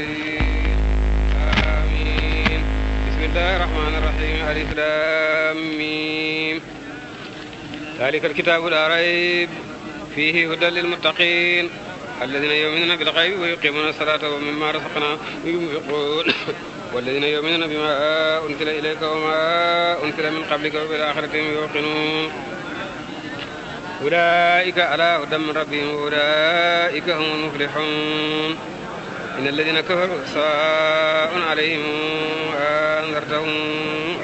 الضالين آمين بسم الله الرحمن الرحيم ألف لام ذلك الكتاب لا ريب فيه هدى للمتقين الذين يؤمنون بالغيب ويقيمون الصلاة ومما رزقناهم ينفقون والذين يؤمنون بما أنزل إليك وما أنزل من قبلك وبالآخرة هم يوقنون أولئك على هدى من ربهم وأولئك هم المفلحون إن الذين كفروا سواء عليهم أنذرتهم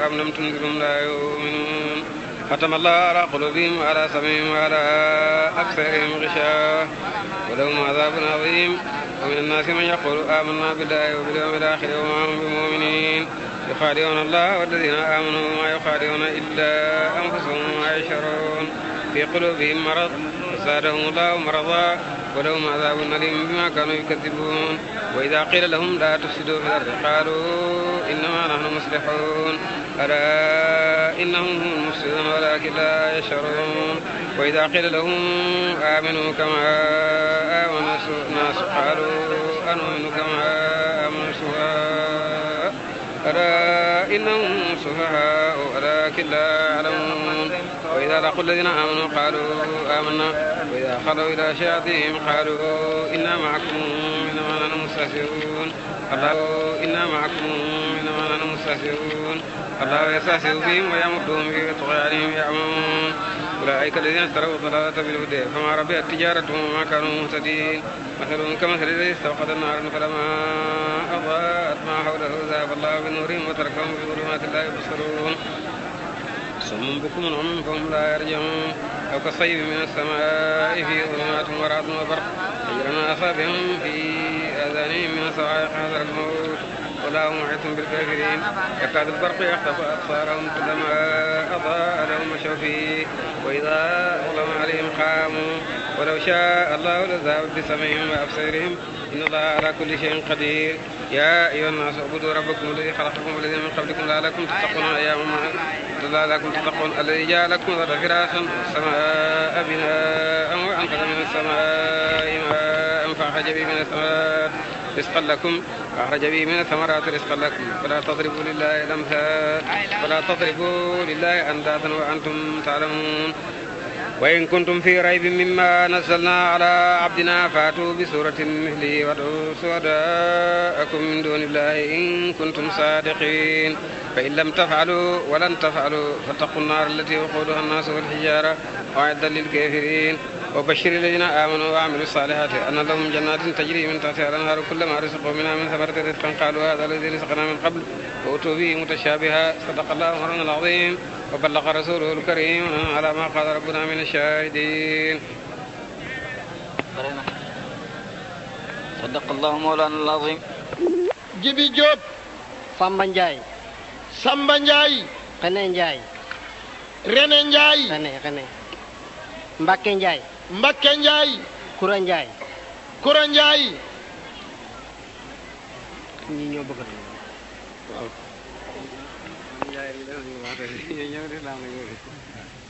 أم لم تنذرهم لا يؤمنون ختم الله على قلوبهم وعلى سمعهم وعلى أبصارهم غشاوة ولهم عذاب عظيم ومن الناس من يقول آمنا بالله وباليوم الآخر وما هم بمؤمنين يخادعون الله والذين آمنوا وما يخادعون إلا أنفسهم وما يشعرون في قلوبهم مرض زادهم الله مرضا ولهم عذاب أليم بما كانوا يكذبون وإذا قيل لهم لا تفسدوا في الأرض قالوا إنما نحن مصلحون ألا إنهم هم المفسدون ولكن لا يشعرون وإذا قيل لهم آمنوا كما آمن الناس قالوا أنؤمن كما آمن السفهاء ألا إنهم سفهاء ولكن لا يعلمون وإذا لقوا الذين آمنوا قالوا آمنا وإذا خلوا إلى شياطينهم قالوا إنا معكم إنما نحن مستهزئون الله إنا معكم إنما نحن مستهزئون الله يستهزئ بهم ويمدهم في طغيانهم يعمون أولئك الذين اشتروا الضلالة بالهدى فما ربحت تجارتهم وما كانوا مهتدين مثلهم كمثل الذي استوقد النار فلما أضاءت ما حوله ذهب الله بنورهم وتركهم في ظلمات لا يبصرون صم بكم عمي فهم لا يرجعون أو كصيب من السماء فيه ظلمات ورعد وبرق كلما أصابهم في آذانهم من الصواعق حذر الموت ولا هم محيط بالكافرين يكاد البرق يخطف أبصارهم كلما أضاء لهم مشوا فيه وإذا ظلم عليهم قاموا ولو شاء الله لذهب بسمعهم وابصارهم ان الله على كل شيء قدير يا ايها الناس اعبدوا ربكم الذي خلقكم والذين من قبلكم لعلكم تتقون ايام لعلكم تتقون الذي جعلكم الارض فراشا والسماء بناء وانقذ من السماء ماء فاخرج به من السماء رزقا لكم أخرج به من الثمرات رزقا لكم فلا تضربوا لله الأمثال ولا تضربوا لله أندادا وأنتم تعلمون wa in kuntum fi raybin mimma nazzalna ala abdina faatu bi suratin mithlihi wad'u shuhada'akum min dunillahi in kuntum sadiqin fa in lam taf'alu wa lan taf'alu fattaqu nnar allati waquduha annaasu walhijara a'iddat lilkafirin wa bashiri alladhina amanu wa amilu salihati anna lahum jannatin tajri min tahtiha al-anharu kullama rizqu minha min thamaratin rizqan qalu hadha alladhi rizqana min qabl wa utu bihi mutashabiha sadaqa allahu al-azim وبلغ رسوله الكريم على ما قال ربنا من الشاهدين صدق الله مولانا العظيم jibi Diop Samba Ndiaye Samba Ndiaye René Ndiaye René Ndiaye René René Mbacké Ndiaye Mbacké Ndiaye Koura Ndiaye Koura Ndiaye ñi ñoo bëgg ñooñu ñëw lislaam nag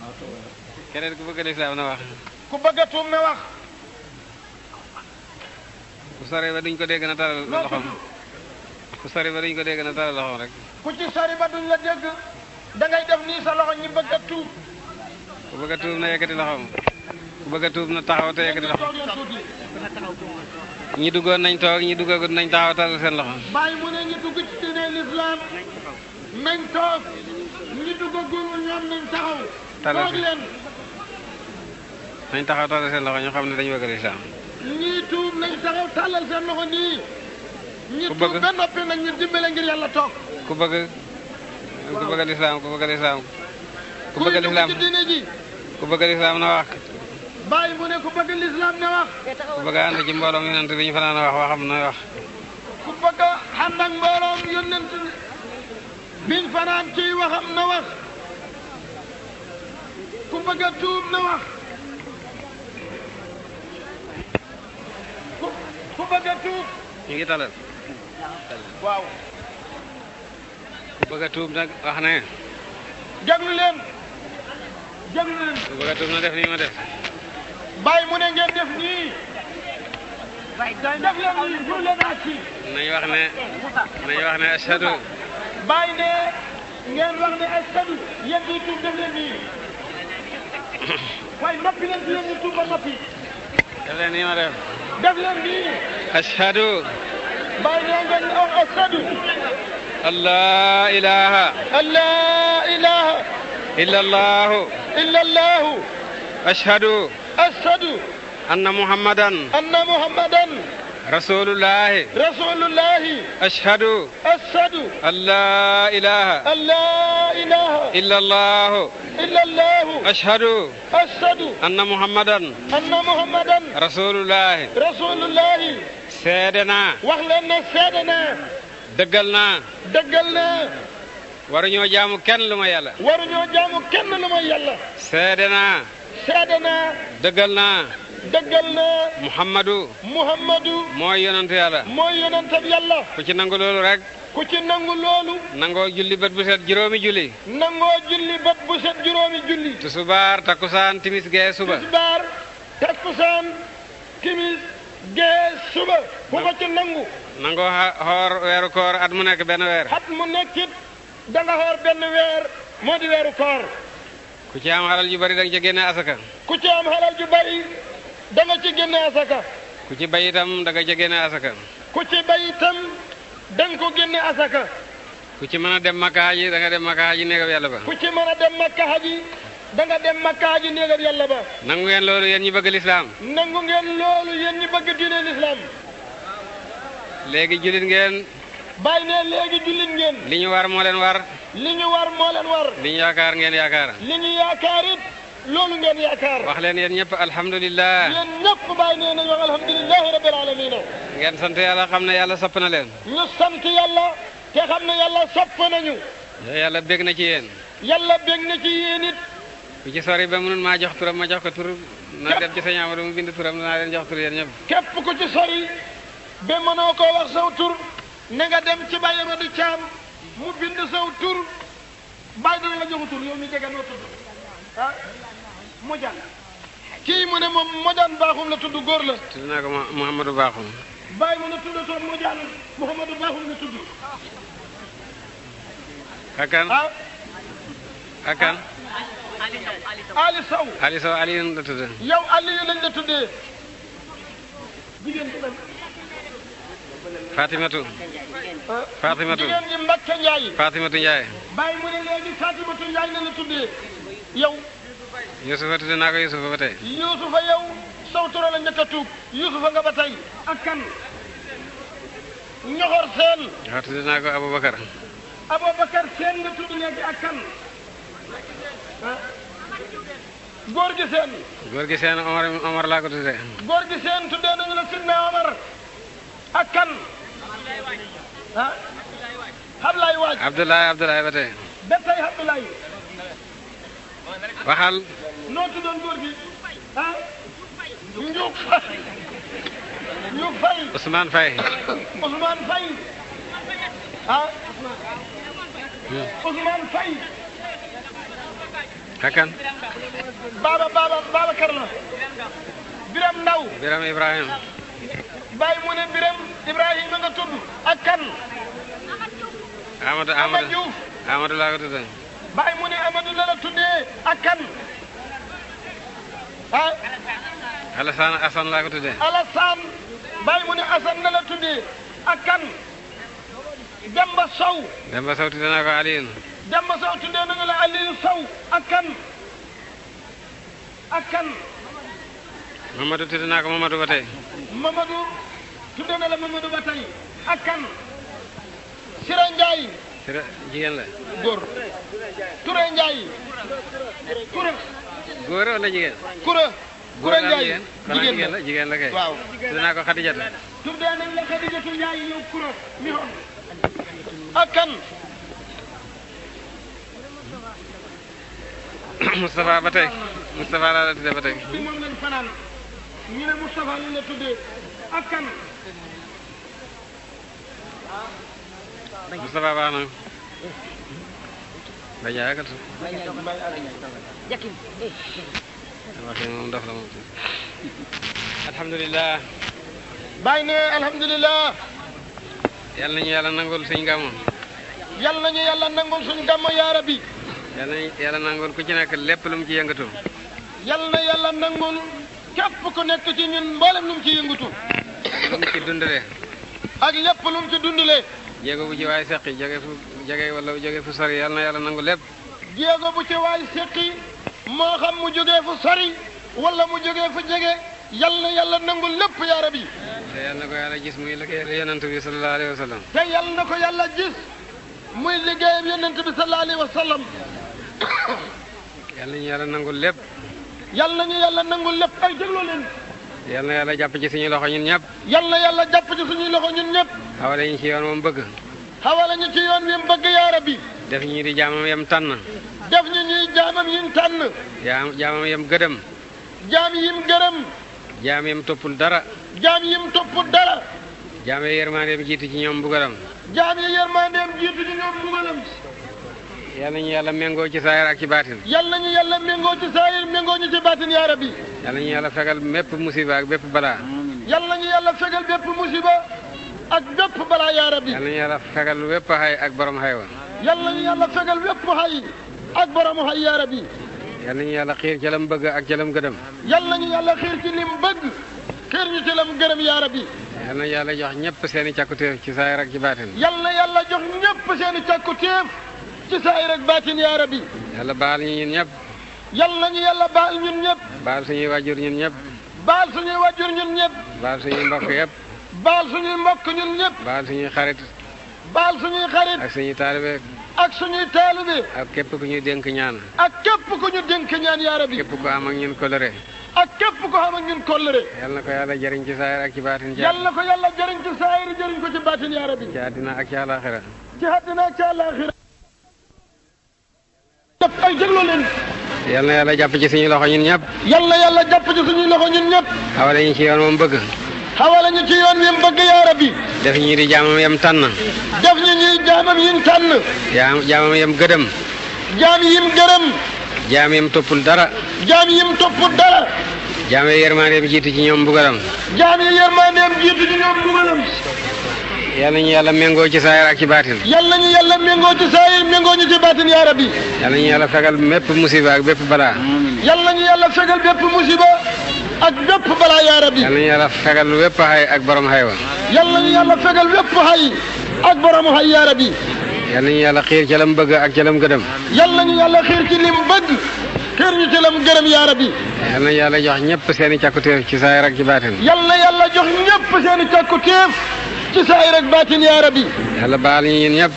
wax keneen ku bëgg lislaam na tuub na wax. ku sori ba duñ ko dégg na taral loxoom. ku sori duñ ko dégg na taral loxoom rek. ku ci sori duñ la dégg da ngay def nii sa loxo ñi bëgg tuub. ku bëgg tuub na yëkkati loxoom. ku bëgg tuub na taxaw te yëkkati loxoom. ñi duggoon nañ toog ñi duggagut nañ taxaw taral seen loxo. bàyyi mu ne ñi dugg ci diine lislaam nañ toog. duggagumul ñoom nañ taxaw. toog leen. nañ taxaw tàllal seen loxo ñu xam ne dañu bëgg lislaam. ñii tuub nañ taxaw tàllal seen loxo nii. ñi tuub ba noppi nag ñu dimbale ngir yàlla toog. ku bëgg ku bëgg lislaam ku bëgg lislaam. ku bëgg lislaam bëgg lislaam na wax. bàyyi mu ne ku bëgg lislaam na wax. ku bëgg ànd mbooloom yonent bi ñu fanaan wax waxam na wax. ku bëgg ànd ak mbooloom yonent biñ fanaan ciy waxam na wax ku bëgg na wax ku bëgg a ñu ngi talal waaw a wax ne jaglu leen jaglu leen na def ma def bàyyi mu ne ngeen def nii def leen nii ñu leen wax ne wax ne ashadu bàyyi ne ngeen wax ne ashadu yéen ñuy tuub def leen nii waaye ashadu. bàyyi ne ngeen di wax ashadu. allah allah ashadu. ashadu. anna muhammadan. anna رسول الله رسول الله أشهد أشهد أن لا إله أن لا إله إلا الله إلا الله أشهد أشهد أن محمدا أن محمدا رسول الله رسول الله سيدنا وحلنا سيدنا دقلنا دقلنا waruñoo jaamu kenn lu ma yàlla. waruñoo jaamu kenn lu ma yàlla. seede naa. seede naa. dëggal naa. dëggal ne muhammadu muhammadu mooy yonent yàlla mooy yonent yàlla ku ci nangu loolu rek ku ci nangu loolu nangoo julli bët bu set juróomi julli nangoo julli bët bu set juróomi julli tusubaar takkusaan timis gee suba tusubaar takkusaan timis gee suba ku ko ci nangu nangoo xoor weeru koor at mu nekk benn weer at mu nekkit da nga xoor benn weer moo di weeru koor ku ci am xalal ju bari da nga asaka ku ci am xalal ju bari da nga ci génne asaka. ku ci bay itam da nga ci génne asaka. ku ci bay itam da nga ko génne asaka. ku ci mën a dem makka haji da nga dem makka haji néegam yàlla ba. ku ci mën a dem makka haji da nga dem makka haji néegam yàlla ba. nangu ngeen loolu yéen ñi bëgg lislaam. nangu ngeen loolu yéen ñi bëgg diine lislaam. léegi jullit ngeen. bàyyi ne léegi jullit ngeen. li ñu war moo leen war. li ñu war moo leen war. li ñu yaakaar ngeen yaakaar. li ñu yaakaar loolu ngeen yaakaar wax leen yéen ñëpp alhamdulilah yéen ñëpp bàyyi nee ngeen sant yàlla xam ne yàlla sopp na leen ñu sant yàlla te xam ne yàlla sopp nañu yàlla bég na ci yéen yàlla bég na ci yéen it ku ci sori ba mënul maa jox turam ma jox ko tur na dem ci sëñ Amadou mu bind turam danaa leen jox tur yéen ñëpp képp ku ci sori ba mënoo koo wax saw tur na nga dem ci Baye Amadou Thiam mu bind saw tur bàyyi dana la jox tur yow mi Modiane. kii mu ne moom la tudd góor la. tudd naa ko Mouhamadou Bakhoum. bàyyi mu ne tuddatoo Modiane Mouhamadou tudd. Akan. ah. Akan. Ali Sow la tudd. yow Aliou lañ la tuddee. jigéen bi Fatimatu. Ah. Fatimatu la la tuddee Yuusufa tudd naa ko Yuusufa ba tey. Yuusufa yow saw tura njëkk a tuub. Yuusufa nga ba tey. ak Ñoxor Seen. waaw tudd naa ko Aboubacar. Aboubacar Seen nga tudd léegi ak kan. góor gi seen góor gi seen Omar Omar laa ko tuddee. góor gi seen tuddee nañu la Sidna Omar ak kan. Waaj Abdoulaye Abdoulaye ba tey. ba tey waxal. noo tuddoon góor gi ah. Ndiouk Faye. Ndiouk Faye. Ousmane Faye. Ousmane Faye. Baba Baba Babacar la. Biram Ndaw. Biram Ibrahima. Baye mu ne Biram Ibrahima nga tudd. ak kan. Amadou Amadou laa ko tudd. baay mu ne Amadou la la tuddee ak kan ah. Alassane laa ko tuddee. Alassane baay mu ne Assane la la tuddee ak kan Sow. Demba Sow tuddee naa la Alioune Sow ak kan ak tuddee naa ko Mamadou ba tey. Mamadou tuddee na la Mamadou ba tey ak Sirañ Touré jigéen la. góor Touré Ndiaye. Touré. góor wala jigéen. Touré. Touré Ndiaye jigéen la jigéen la kay. waaw dinaa ko Xadijatu. tuddee nañ la Xadijatu Ndiaye ñëw Touré mi xoon. ak kan. ba tey Moustapha laa la tuddee ba tey. bi moom lañ fanaan ñu ne Moustapha ¿eh? eh, eh. baax na. Mbaye Ndiaye àggal moom daf la moom si. alhamdulilah. ne alhamdulilah. yal nañu yàlla nangol suñu gàmmu. yal nañu yàlla nangol suñu gàmmu yaa rabbi. yal nañu yàlla nangol ku ci nekk lépp lu ci yëngatu. yal na yàlla nangol képp ku nekk ci ñun mboolem lu ci yëngatu. lu mu ci dundalee. ak lépp lu mu ci dundalee. jéego bu ci waay seqi jege fu jege wala jóge fu sori yàlla na yàlla nangu lépp jéego bu ci waay seqi moo xam mu jógee fu sori wala mu jógee fu jege yal na yàlla nangu lépp yaa bi te yàlla na ko gis muy liggéeyal yonent bi sallallahu alayhi wa sallam te yàlla na ko yàlla gis muy liggéeyam yonent bi sallallahu alayhi wa sallam yàlla nañu yàlla nangul lépp yàlla nañu yàlla nangul lépp ay dégloo leen yal na yàlla jàpp ci suñuy loxo ñun ñëpp yal na yàlla jàpp ci suñuy loxo ñun ñëpp xawala ñu ci yoon moom bëgg xawala ñu ci yoon wi mu bëgg yaa rabbi def ñu di jaamam yam tànn def ñu ñuy jaamam yim tànn jaam jaamam yam gëdëm jaam yim gërëm jaam yam toppul dara jaam yim toppul dara jaam yi yërmandeem jiitu ci ñoom mbugalam jaam yi yërmandeem jiitu ci ñoom mbugalam yal nañu yàlla méngoo ci saayir ak ci baatin yal nañu yàlla méngoo ci saayir méngoo ñu yàlla ñu yàlla fegal mépp musiba ak bépp balaa. yàlla ñu yàlla fegal bépp ak bépp balaa yaa rabbi. yàlla ñu yàlla fegal wépp xay ak borom xay wa. yàlla ñu yàlla fegal wépp xay ak borom xay yaa rabbi. yàlla ñu yàlla xiir ci lam bëgg ak ci lam yàlla ñu yàlla xiir ci lim bëgg xiir ñu ci gërëm yaa yal na yàlla jox ñëpp seeni i ci saayir ak ci baatin. yal na yàlla jox ñëpp seen i càkkutéef ci saayir ak baatin yaa rabbi. yàlla baal ñu ñun ñëpp. ñu yàlla baal suñuy wajur ñun ñëpp baal suñuy wajur ñun ñëpp baal suñuy mbokk yëpp baal suñuy mbokk ñun ñëpp baal suñuy xarit baal suñuy xarit ak suñuy taalibe ak suñuy taalibe ak képp ku ñu dénk ñaan ak képp ku ñu dénk ñaan yaa rabbi képp ku am ak ñun kolore ak képp ko xam ñun kollëre yal na ko yàlla jariñ ci saayir ak ci baatin yal na ko yàlla jëriñ ci saayir jëriñ ko ci baatin yaa rabbi ci àddina ak ci àllaaxira ay jégloo leen yal na yàlla jàpp ci suñu loxo ñun ñëpp yal na yàlla jàpp ci suñu loxo ñun ñëpp xawala ñu ci yoon moom bëgg xawala ci yoon yem bëgg yaa rabbi def ñu di jaamam yem tànn def ñu ñuy jaamam yim tànn jaam jaamam yem gëdëm jaam yim gërëm jaam yim toppul dara jaam yim toppul dara jaam yi yërmandeem jiitu ci ñoom mbugalam jaam yi yërmandeem jiitu ci ñoom mbugalam yal nañu yàlla méngoo ci saayir ak ci baatin yal nañu yàlla méngoo ci saayir méngoo ñu ci baatin yaa rabbi yal nañu yàlla fegal mépp musiba ak bépp balaa yal nañu yàlla fegal bépp musiba ak bépp balaa yaa rabbi yal nañu yàlla fegal wépp xay ak borom xay wa yal nañu yàlla fegal wépp xay borom xay yaa rabbi yal yàlla xiir ci lam bëgg ak ci lam gëdëm yal nañu yàlla xiir ci lim bëgg kër ñu ci lam gërëm yaa jox ñëpp seen i càkkutéef ci saayir ak ci saayir ak baatin yaa rabbi yàlla baal ñu ñun ñëpp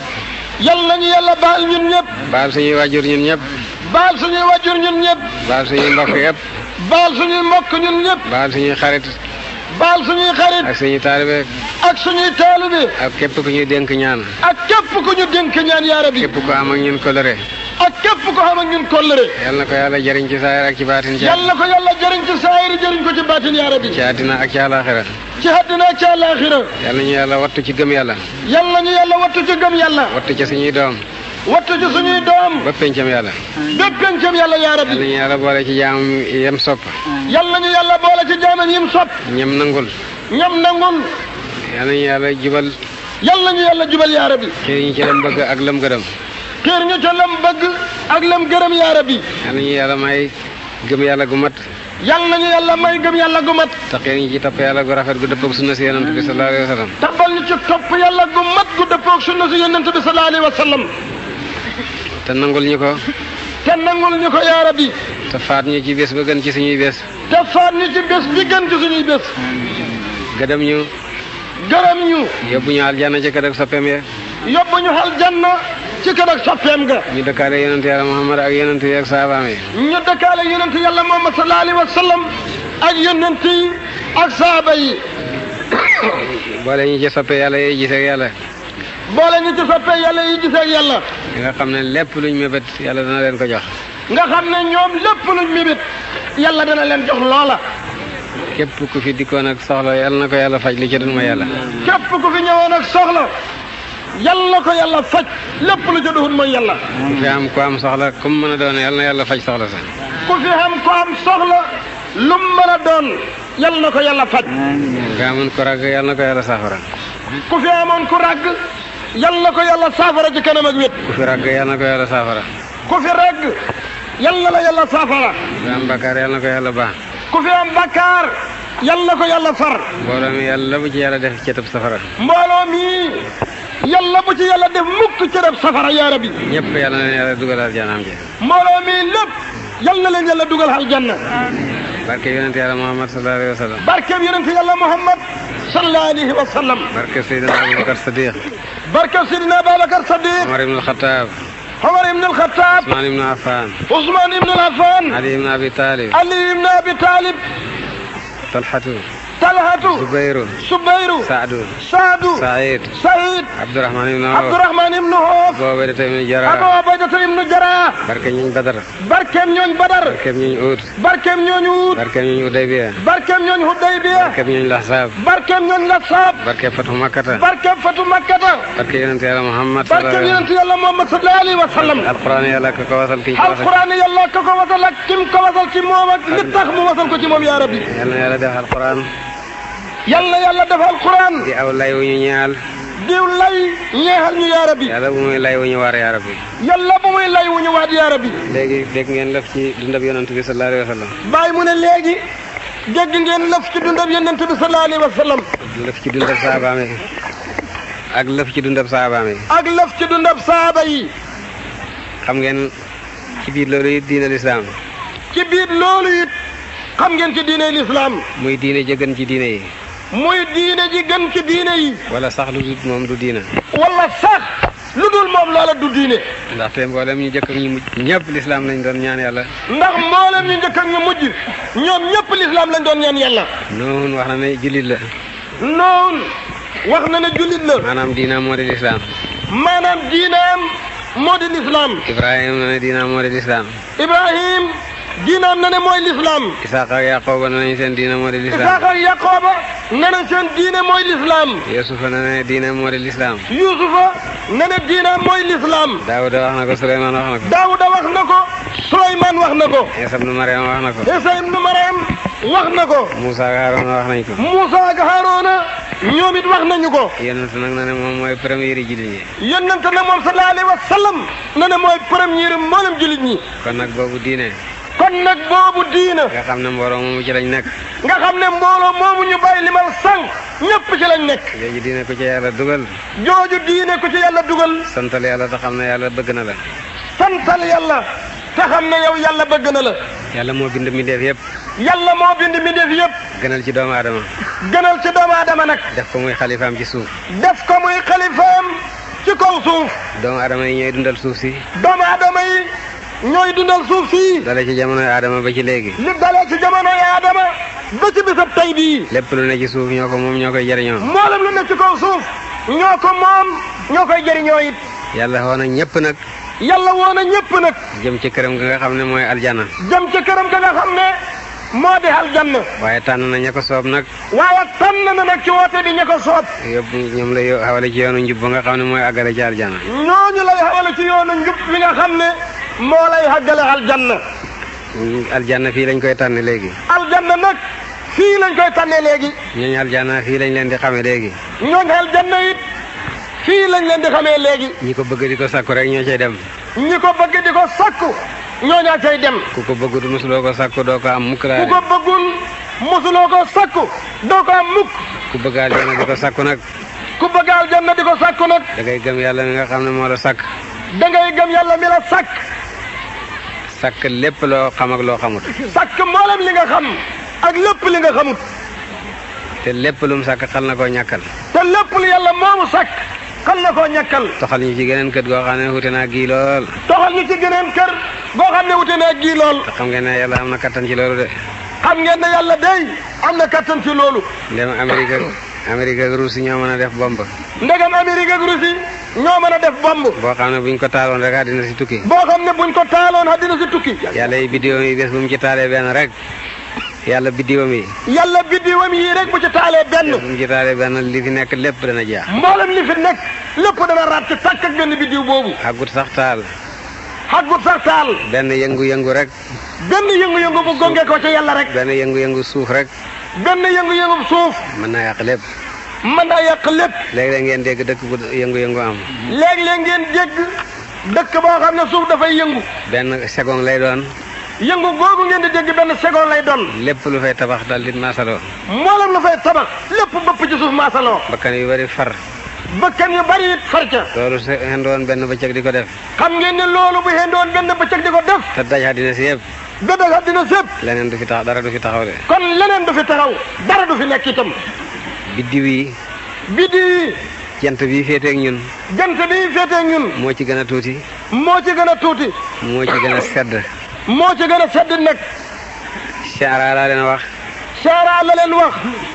yàlla yàlla baal ñun ñëpp baal suñuy wajur ñun ñëpp baal suñuy wajur ñun ñëpp baal suñuy mbokk yëpp suñuy mbokk ñun ñëpp baal suñuy xarit baal suñuy xarit ak suñuy taalibe ak suñuy taalibe ak képp ku ñu dénk ñaan ak képp ñu dénk ñaan yaa rabbi am ñun kolëre ak képp ko ñun kollëre yal na ko yàlla jëriñ ci saayir ak ci baatin yal na ko yàlla jëriñ ci saayir jëriñ ko ci baatin yaa rabbi ci àddina ak ci àllaaxira ci àddina ci àllaaxira yal na ñu yàlla wattu ci gëm yàlla yal na ñu yàlla wattu ci gëm yàlla wattu ci suñuy doom wattu ci suñuy doom ba pencam yàlla ba pencam yàlla yaa rabbi yal na ñu yàlla boole ci jaamam yem sopp yàlla boole ci jaamam yem sopp ñam nangul ñam nangul yal na ñu yàlla jubal yal na ñu yàlla jubal yaa rabbi xëy ñu ci lam bëgg ak lam gërëm xëy ñu ci lam bëgg ak lam gërëm yaa rabbi yal na yàlla may gëm yàlla gu mat yàlla nañu yàlla may gëm yàlla gu mat taqee ñu ci topp yàlla gu rafet gu dëppoog sunna si yonent bi sallallahu alayhi wa sallam tabbal ñu ci topp yàlla gu mat gu dëppoog sunna si yonent bi te nangul ñu ko te nangul ñu ko yaa rabbi te faat ñu ci bés ba gën ci suñuy bés te faat ñu ci bés bi gën ci suñuy bés gëdëm ñu gërëm ñu yóbbu ñu aljanna ci kër ak soppeem ya yóbbu ñu aljanna ci kër ak soppeem nga ñu dëkkaale yonent yàlla Muhammad ak yonent yi ak saabaam yi ñu dëkkaale yonent yàlla Muhammad sallallahu alayhi wa sallam ak yonent yi ak saaba yi boole ñu ci soppe yàlla yi gisee ak yàlla boole ñu ci soppe yàlla yi gisee ak nga xam ne lépp luñ mébét yàlla dana leen ko jox nga xam ne ñoom lépp luñ mébét yàlla dana leen jox loola képp ku fi dikkoon ak soxla yàlla na ko yàlla faj li ci doon ma yàlla képp ku fi ñëwoon ak soxla yàlla na ko yàlla faj lépp lu ca doxul mooy yàlla. ku fi am ko am soxla ku mën a doon yàlla yàlla faj soxla sax. ku fi am ku am soxla lu mën a doon yàlla ko yàlla faj. ku fi amoon ko yàlla saafara. ku fi amoon ku ko yàlla saafara ci kanam ak wét. ku fi ràgg yàlla na ko yàlla saafara. ku fi ràgg yàlla la yàlla saafara. ku fi am bakkaar yàlla ko yàlla far. mbooloo mi bu ci yàlla def ci tëb safara. mbooloo yàlla bu ci yàlla def mukk cërëb safara yaa rabbi. ñëpp yàlla na leen yàlla dugal aljanna am jeexal. mbooloo mi lépp yàlla na leen yàlla dugal aljanna. barkeb yonent yàlla Muhammad sallallahu alayhi wa sallam. barkeb yonent yàlla Muhammad sallallahu alayhi wa sallam. barkeb Seydina Abubakar Sadiq. barkeb Seydina Abubakar Sadiq. Omar ibn al-Khattab. Omar ibn al-Khattab. Ousmane ibn Affan. Ousmane ibn Affan. Ali ibn Abi Talib. Ali ibn Abi Talib. Talhatu. talhatu subayru subayru saadu saadu said said abdourahman ibnu abdourahman ibnu hoof abou baydata ibnu jara abou baydata ibnu jara barkeem ñooñ badar barkeem ñooñ badar barkeem ñooñ uut barkeem ñooñ uut barkeem ñooñ hudaybiya barkeem ñooñ hudaybiya barkeem ñooñ lahsaab barkeem ñooñ lahsaab barkeem fatu makkata barkeem fatu makkata barkeem yonente yàlla muhammad barkeem yonente yàlla muhammad sallallahu alayhi wa sallam alquran yàlla ka ko wasal ki alquran yàlla ka ko wasal ak kim ko wasal ci moom ak li tax mu wasal ko ci moom yaa rabbi yàlla na yàlla def alquran yal na yàlla defal Qur'an. di aw lay wu ñu lay ñeexal ñu yaara lay wu ñu waar yaara bi. muy lay wu ñu waat yaara léegi dégg ngeen lëf ci dundab yonent bi sallallahu alayhi wa mu ne léegi dégg ngeen lëf ci dundab yonent bi sallallahu alayhi wa sallam. ci dundab saabaam yi ak lëf ci dundab saabaam yi. ak lëf ci dundab saaba yi. xam ngeen ci biir loolu it ci biir loolu ngeen ci diine lislaam. muy diine jëgën ci diine yi. muy diine ji gën ci diine yi. wala sax lu dul moom du diine. wala sax lu dul moom loola du diine. ndaxte mboolem ñu njëkk ñu mujj ñëpp lislaam lañ doon ñaan yàlla. ndax mboolem ñu njëkk ak ñu mujj ñoom ñëpp lislaam lañ doon ñaan yàlla. noonu wax na ne jullit la. noonu wax na ne jullit la. maanaam diinaam moo di lislaam. maanaam diinaam moo di lislaam. Ibrahima na ne diinaam moo di Ibrahim diinaam na ne mooy lislaam. Isaaqa ak Yaqooba nee nañ seen diine mooy lislaam. Yuusufa nee na mooy lislaam. Daawuda wax na ko Suleymaan wax na ko. Daawuda wax na ko Suleymaan wax na ko. Iisa ibnu Maryam wax na ko. Iisa ibnu Maryam wax na ko. ko. Muusa ak Haaruna moom mooy premier jullit ñi. yonent moom sallallahu alayhi wa mooy premier mboolem jullit ñi. kon nag diine. kon nag boobu diina. nga xam ne mbooloo moomu ci lañ nekk. nga xam ne mbooloo moomu ñu bàyyi limal sànq ñëpp ci lañ nekk. jooju diine ko ci yàlla dugal. jooju diine ko ci yàlla dugal. santal yàlla te xam ne yàlla bëgg na la. santal yàlla bëgg na la. yàlla moo bind mbindeef yëpp. yàlla moo bind mbindeef yëpp. gënal ci doomu aadama. gënal ci doomu aadama nag. def ko muy xalifaam ci suuf. def ko muy xalifaam ci kaw suuf. doomu aadama yi ñooy dundal suuf si. doomu aadama yi ñooy dundal suuf sii. dalee ci jamonoy Adama ba ci léegi. li bii. lépp lu ne ci suuf ñoo ko moom ñoo koy jëriñoo. mboolem lu yàlla woon na ñëpp nag. yàlla woon na ñëpp jëm ci këram ga nga xam ne mooy aljanna. jëm ci këram ga nga xam ne moo di aljanna. waaye tànn na ña ko soob nag. waaye tànn na nag ci woote di ña soob. ñoom la xawale ci yoonu njub nga xam ne mooy àggale ci aljanna. ñooñu lay xawale ci yoonu njub nga xam ne moo lay xàggale aljanna. aljanna fii lañ koy tànn léegi. aljanna nag fii lañ koy tànnee léegi. ñooñu aljanna fii lañ leen di xame léegi. ñooñu aljanna fii lañ leen di xamee léegi. ñi ko bëgg di ko sakku rek ñoo cay dem. ñi ko bëgg di ko sakku ñooñaa cay dem. ku ko bëggul mosuloo ko sakku doo ko am mukk laa ku ko bëggul mosuloo ko sakku doo ko am mukk. ku bëgg aljanna di ko sakku nag. ku bëgg aljanna di ko sakku nag. da gëm yàlla mi nga xam ne moo la sàkk lépp loo xam ak loo xamut. sàkk mboolem li nga xam ak lépp li nga xamut. te lépp lu mu sàkk xal na koo ñàkkal. te lépp lu yàlla moomu sàkk xal na koo ñàkkal. toxal ñu ci geneen kër goo xam ne wute naa gii lool. toxal ñu ci geneen kër goo xam ne wute naa gii lool. te xam ngeen ne yàlla am na kattan ci loolu de. xam ngeen ne yàlla day am na kattan ci loolu. dem Amérique. Amérique ak Russie ñoo mën a def bomb. ndegam Amérique ak Russie ñoo mën a def bomb. boo xam ne buñ ko taaloon rek àddina si tukki. boo xam ne buñ ko taaloon àddina si tukki. yàlla yi biddiwam yi bés bu mu ci taalee benn rek yàlla biddiwam yi. yàlla biddiwam yi rek bu ci taalee benn. li fi nekk lépp dana jeex. mboolem lépp dana raat ci tàkk ak benn biddiw boobu. xagut sax taal. xagut sax taal. benn yëngu-yëngu rek. benn yëngu-yëngu bu gongee ci yàlla rek. benn yëngu-yëngu suuf rek. benn yëngu-yëngu suuf. mën naa yàq lépp. mën naa yàq lépp. léeg-léeg ngeen dégg dëkk bu yëngu-yëngu am. léeg-léeg ngeen dégg dëkk boo xam ne suuf dafay yëngu. benn seconde lay doon. yëngu googu ngeen di dégg benn seconde lay doon. lépp lu fay tabax dal di maasaloo. mboolem lu fay tabax lépp bëpp ci suuf maasaloo. bakkan yu bari far. bëkkan yu bari it far ca. loolu su benn bëccëg di ko def. xam ngeen ne loolu bu hendoon benn bëccëg di ko def. te daj àddina ba bëgg àddina sépp leneen du fi tax dara du fi taxaw de. kon leneen du fi taxaw dara du fi nekk itam. biddiw yi. jant bii féeteeg ñun. jant bii féeteeg ñun. moo ci gën a tuuti. moo ci gën a tuuti. moo ci gën a sedd. moo ci gën a sedd nag. Saara laa leen wax. Saara leen wax.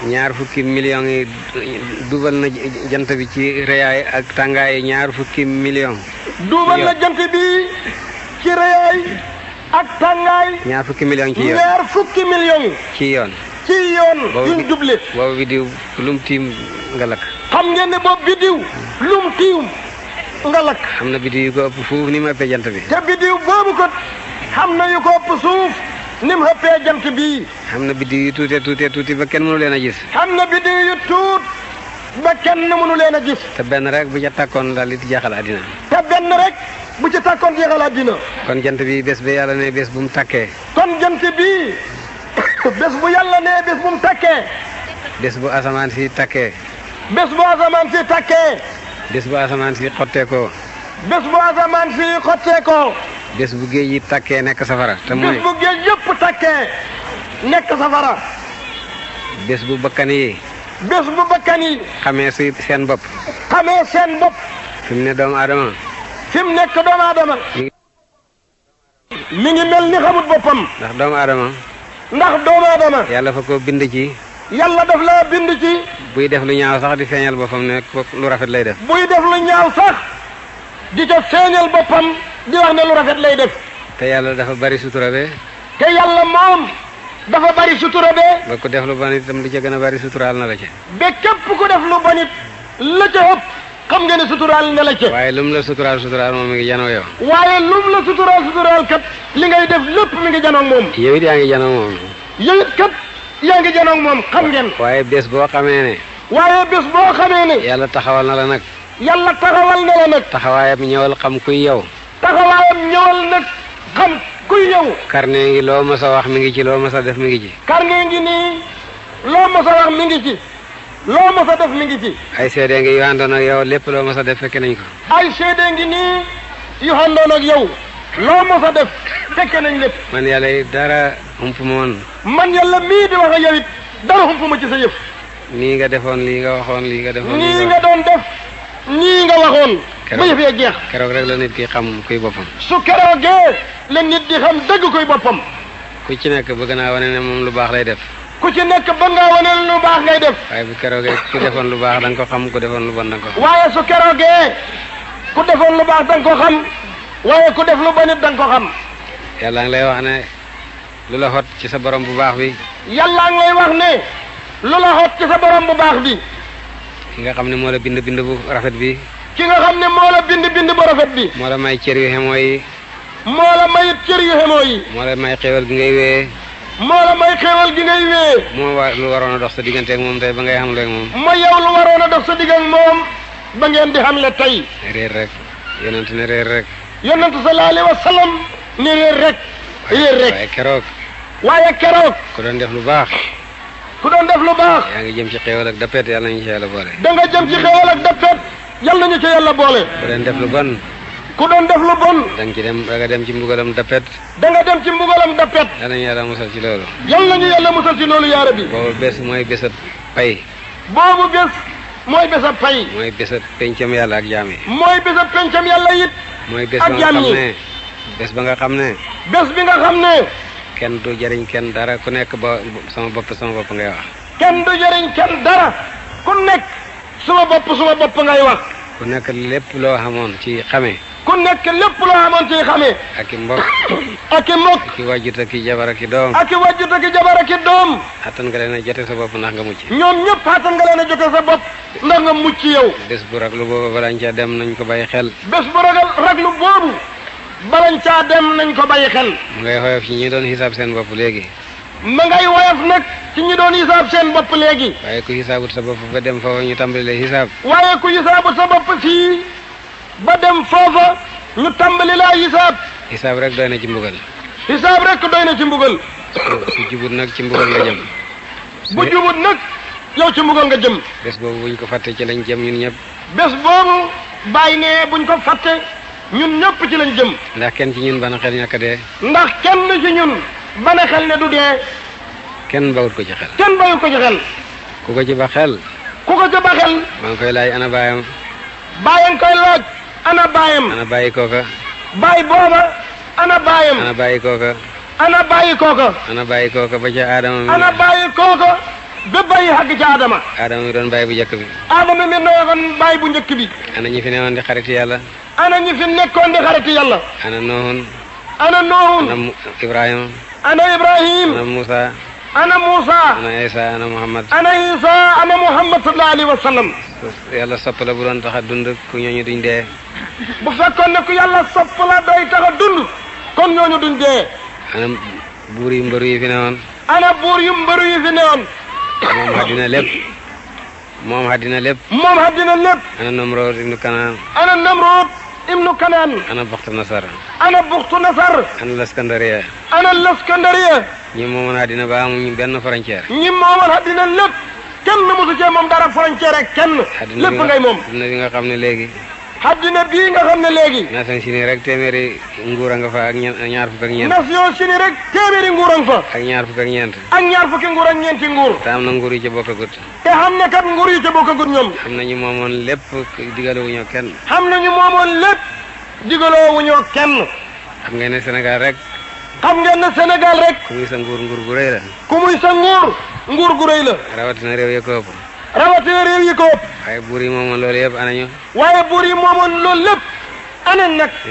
ñaar fukki million yi dugal na jant bi ci reyaay ak tàngaay ñaar fukki million dugal na jant bi ci reyaay. ak tàngaay. ñaar fukki million ci yoon ñaar ci yoon. ci yoon yuñ duble. boobu biddiw lum tiim nga lakk. xam ngeen ne boobu biddiw lum nga lakk. xam na biddiw yu ko ëpp suuf ni mu ëppee bi. te biddiw boobu xam na yu ko ëpp suuf ni mu ëppee jant na biddiw yu tuutee tuutee tuuti ba kenn mënu leen a gis. xam na biddiw yu tuut. ba kenn mënu leen a gis. te benn rek bu ca dal daal di jaaxal àddina. te benn rek. bu ci tàkkoon jeexal àddina kon jant bii bés bi yàlla ne bés bu mu takkee kon jant bi bés bu yàlla ne bés bu mu tàkkee bés bu asamaan si takkee bés bu asamaan si tàkkee bés bu asamaan si xotteekoo bés bu bés bu géej yi takkee nekk safara te mooy bés bu géej yëpp tàkkee nekk safara bés bu bakkan yi bés bu bakkan yi xamee si seen bopp xamee seen bopp fi ne doomu aadama fi mu nekk doomu aadama. mi ngi mel ni xamut boppam. ndax doomu aadama. ndax doomu aadama. yàlla fa ko bind ci. yàlla def la bind ci. buy def lu ñaaw sax di feeñal boppam ne lu rafet lay def. buy def lu ñaaw sax di ca feeñal boppam di wax ne lu rafet lay def. te yàlla dafa bari sutura be. te yàlla moom dafa bari sutura be. ba ku def lu bon itam lu ca gën a bari suturaal na la ca. ba képp ku def lu bon la ca ëpp. xam nga ne suturaal ne la ca. waaye lum la suturaal suturaal moom mi ngi janoo yow. waaye lum la suturaal suturaal kat li ngay def lépp mi ngi janoo moom. yow it yaa ngi janoo moom. yow it kat yaa ngi janoo moom xam ngeen. waaye bés boo xamee ne. waaye bés boo xamee ne. yàlla taxawal na la nag. yàlla taxawal na la nag. taxawaayam ñëwal xam kuy yow. taxawaayam ñëwal nag xam kuy yow. karne ngi loo mas a wax mi ngi ci loo mas a def mi ngi ci. karne ngi nii loo mas a wax mi ngi ci. loo mos a def mi ngi ci. ay seede yu àndoon ak yow lépp loo mos a def fekke nañ ko. ay seede ngi nii yu àndoon ak yow. loo mos a def fekke nañ lépp. man yàlla it dara ump man yàlla mii di wax ak yow dara ump ci sa yëf. nii nga defoon lii nga waxoon lii nga defoon. nii nga doon def nii nga waxoon. keroog rek la nit ki xam kuy boppam. su keroogee la nit di xam dëgg kuy boppam. ku ci nekk bëgg naa wane ne moom lu baax lay def. ku ci nekk ba ngaa wane lu baax ngay def. waaye bu keroogee ku defoon lu baax da ko xam ku defoon lu bon da nga ko xam. waaye su keroogee ku defoon lu baax da ko xam waaye ku def lu bon it da ko xam. yàlla lay wax ne lu la xot ci sa borom bu baax bi. yàlla ngi lay wax ne la xot ci bu baax bi. ki nga xam ne moo la bind bind bu rafet bi. ki nga xam moo la bind bind bu rafet bi. moo la may cër yu xemoo yi. moo la may cër yu xemoo yi. moo la may xéewal gi ngay wéyee. moo la may xéewal gi ngay wee moo wa lu waroon dox sa digganteek moom tay ba ngay xamle ak moom mooy yow lu waroon a dox sa diggante moom ba ngeen di xamle tey réer rek yonent ne réer rek yonent sallallahu alayhi wa sallam ne réer rek réer rek waaye keroog ku doon def lu baax ku doon def lu baax yaa ngi jëm ci xéewal ak dapet yàlla nañu ci yàlla boole da nga jëm ci xéewal yàlla boole ku doon def lu bon ku doon def lu bon. da ci dem da nga dem ci mbugalam dappet. da nga dem ci mbugalam dappet. yal nañu yàlla musal ci loolu. yal bi. bés mooy bésat pay. boobu bés mooy bésat pay. mooy bésat pencam yàlla ak jaam yi. mooy bésat pencam yàlla it. ak jaam yi mooy bés ba nga xam ne. bés bi nga xam ne. kenn du jëriñ kenn dara ku nekk ba sama kenn dara ku nekk suma bopp suma bopp ngay wax. ku nekk lépp loo xamoon ci xame ku nekk lépp loo xamoon ci xamee. ak i mbokk. ak i mbokk. ak i wàjjut ak i jabar doom. ak i wàjjut ak i jabar doom. xattan nga leen a jote sa bopp ndax nga mucc. ñoom ñëpp xattan yow. bés bu raglu boobu balañ caa dem nañ ko bàyyi xel. bés bu ragal raglu boobu balañ caa dem nañ ko bàyyi xel. mu ngay xoyof ci ñi doon xisaab seen bopp léegi. ma ngay woyof nag ci ñi doon hisaab seen bopp léegi. waaye ku hisaabut sa bopp ba dem foofa ñu tàmbali lay hisaab. waaye ku hisaabut sa bopp fii ba dem foofa ñu tàmbali laa hisaab. hisaab rek doy na ci mbugal. hisaab rek doy na ci mbugal. su jubut nag ci mbugal nga jëm. bu jubut nag yow ci mbugal nga jëm. bés boobu buñ ko fàtte ci lañ jëm ñun ñëpp. bés boobu bàyyi ne buñ ko fatte ñun ñëpp ci lañ jëm. ndax kenn ci ñun ban xel ñàkk dee. ndax kenn ci ñun. ba na xel ne du dee. kenn bawut ko ci xel. kenn bawut ko ci xel. ku ko ci ba xel. ku ko ci ba xel. maa koy laaj ana baayam. baayam koy laaj. ana baayam. ana baay kooka. ba ca Adama. ana baayi kooka. ba bàyyi xàgg ca Adama. Adama doon bàyyi bu njëkk bi. Adama mi doon bàyyi bu njëkk bi. ana ñi fi newoon di xariti yàlla. ana ñi fi nekkoon di xariti yàlla. ana Noohun. ana Noohun. أنا إبراهيم أنا موسى أنا موسى أنا عيسى أنا محمد أنا عيسى أنا محمد صلى الله عليه وسلم yàlla bu doon tax a dund ku ñooñu duñ dee bu fekkoon ne ku yàlla sopp la day tax duñ dee ana buur yu mbëru yi fi ne woon ana buur yu mbëru yi fi ne woon moom àddina lépp moom àddina lépp moom àddina lépp ana Namrood ibnu ibnu kanaan ana buxtu nasar ana buxtu nasar ana laskandariya ana laskandariya ñi moomoon àddina ba amuñ benn frontière ñi moomoon àddina lépp kenn mosu cee moom dara frontière ak kenn lépp ngay moom àddina nga xam ne léegi addina bii nga xam ne léegi. nation Chine rek téeméeri nguur a nga fa ak ñaar fukk ak ñeent. nation Chine rek téeméeri nguur a nga fa. ak ñaar fukk ak ñeent. ak ñaar fukki nguur ak ñeenti nguur. te am na nguur yu ca bokkagut. te xam ne kat nguur yu ca bokkagut ñoom. xam nañu moomoon lépp digalewuñoo kenn. xam nañu moomoon lépp digalewuñoo kenn. xam ngeen ne Sénégal rek. xam ngeen ne Sénégal rek. ku muy sa nguur nguur gu rëy la. ku muy sa nguur nguur gu rëy la. rawatina réew ya ko ëpp. rawatina réew yi ko ëpp. waaye buur yi moomoon loolu yëpp ana ñu. waaye buur yi moomoon loolu lépp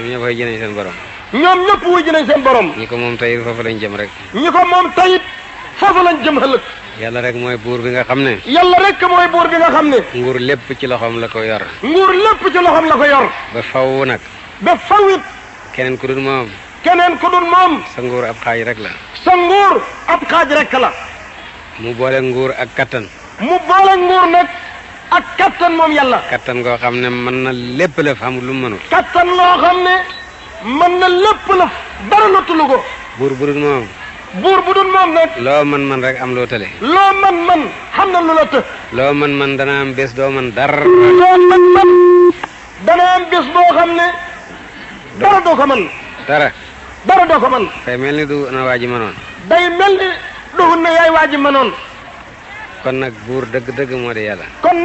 ñoom ñëpp wuy jënañ seen borom. ñoom ñëpp wuy jënañ seen borom. ñi ko moom tayit foofu lañ jëm rek. ñi ko moom tayit foofu lañ jëm ëllëg. yàlla rek mooy buur bi nga xam ne. yàlla rek mooy nguur lépp ci loxoom la ko yor. nguur lépp ci loxoom la ko yor. ba faw nag. ba faw keneen ku dul moom. keneen ku dul moom. sa nguur ab xaaj rek la. sa nguur ab xaaj rek la. mu boole nguur ak kattan. mu boole nguur nag ak kattan moom yàlla. kattan goo xam ne mën na lépp lëf amul lu mu mënul. kattan loo xam ne mën na lépp lëf dara lottulu ko. buur bu dul moom. buur bu dul moom nag. loo man man rek am loo tële. loo man man xam na lu la të. loo man man dana am bés doo man dara. loo man man dana am bés boo xam ne dara doo ko man dara. dara doo ko man day mel ni du na waa ji mënoon. day mel ni duhun na yaay waa ji mënoon. kon nag buur dëgg-dëgg moo di yàlla. kon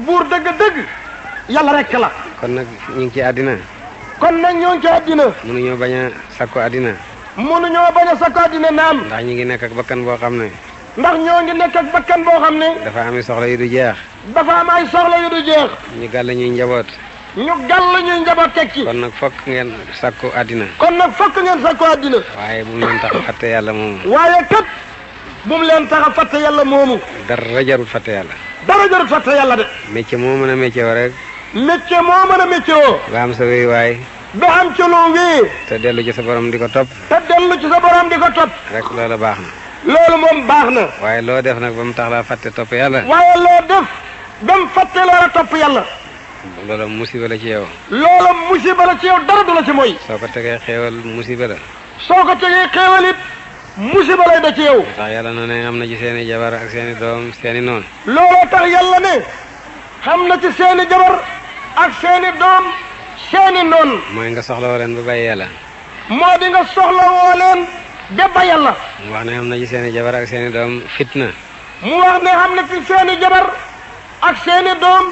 dëgg-dëgg. la. kon nag ñu ngi ci àddina. kon nag ñoo ngi ci àddina. mënuñoo bañ a sakku àddina. mënuñoo bañ a sakku àddina naam. ndax ñu ngi nekk ak bakkan boo xam ne. ndax ñoo ngi nekk ak bakkan boo xam ne. dafa am soxla yu du jeex. dafa am ay soxla yu du jeex. ñu gàll ñuy njaboot. ñu gàll ñuy njaboot teg ci. kon nag fokk ngeen sakku àddina. kon nag fokk ngeen sakku àddina. waaye bu mu tax fàtte yàlla moomu. waaye kat. bu mu leen tax a fàtte yàlla moomu. dara jarul fàtte yàlla. dara jarul fàtte yàlla de. métier moo mën a métier woo rek. métier moo mën a métier woo. ba am sa wéy waay. ba am ci loo wéy. te dellu ci sa borom di ko topp. te dellu ci sa borom di ko topp. rek loola baax na. loolu moom baax na. waaye loo def nag ba mu tax laa fàtte topp yàlla. waaye loo def ba mu fàtte loola topp yàlla. loola musiba la ci yow. loola musiba la ci yow dara du la ci mooy. soo ko tegee xéewal musiba la. soo ko tegee musiba lay da ci yow. tax yàlla na ne am na ci seeni jabar ak seeni doom seeni noonu. looloo tax yàlla ne xam na ci seeni jabar ak seeni doom seeni noonu. mooy nga soxla leen ba bàyyi yàlla. moo di nga soxla leen ba bàyyi yàlla. mu wax ne am na ci seeni jabar ak seeni doom fitna. mu wax ne xam na ci seeni jabar ak seeni doom.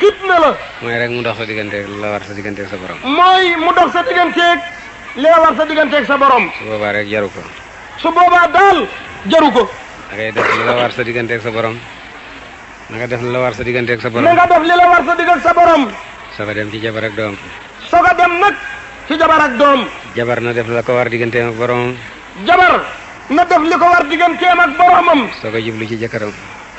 fitna la. mooy rek mu dox sa digganteeg la sa digganteeg sa borom. mooy mu dox sa digganteeg lee sa digganteeg sa borom. su boobaa rek jaru ko. su boobaa daal jaru ko. da def li la war sa digganteek sa borom. na nga def li la war sa digganteek sa borom. na nga soo ko dem ci jabar ak doom. soo ko dem nag ci jabar ak doom. jabar na def ko war digganteem ak boromam. jabar li ko war digganteem ak boromam. soo ko jublu ci jëkkëram.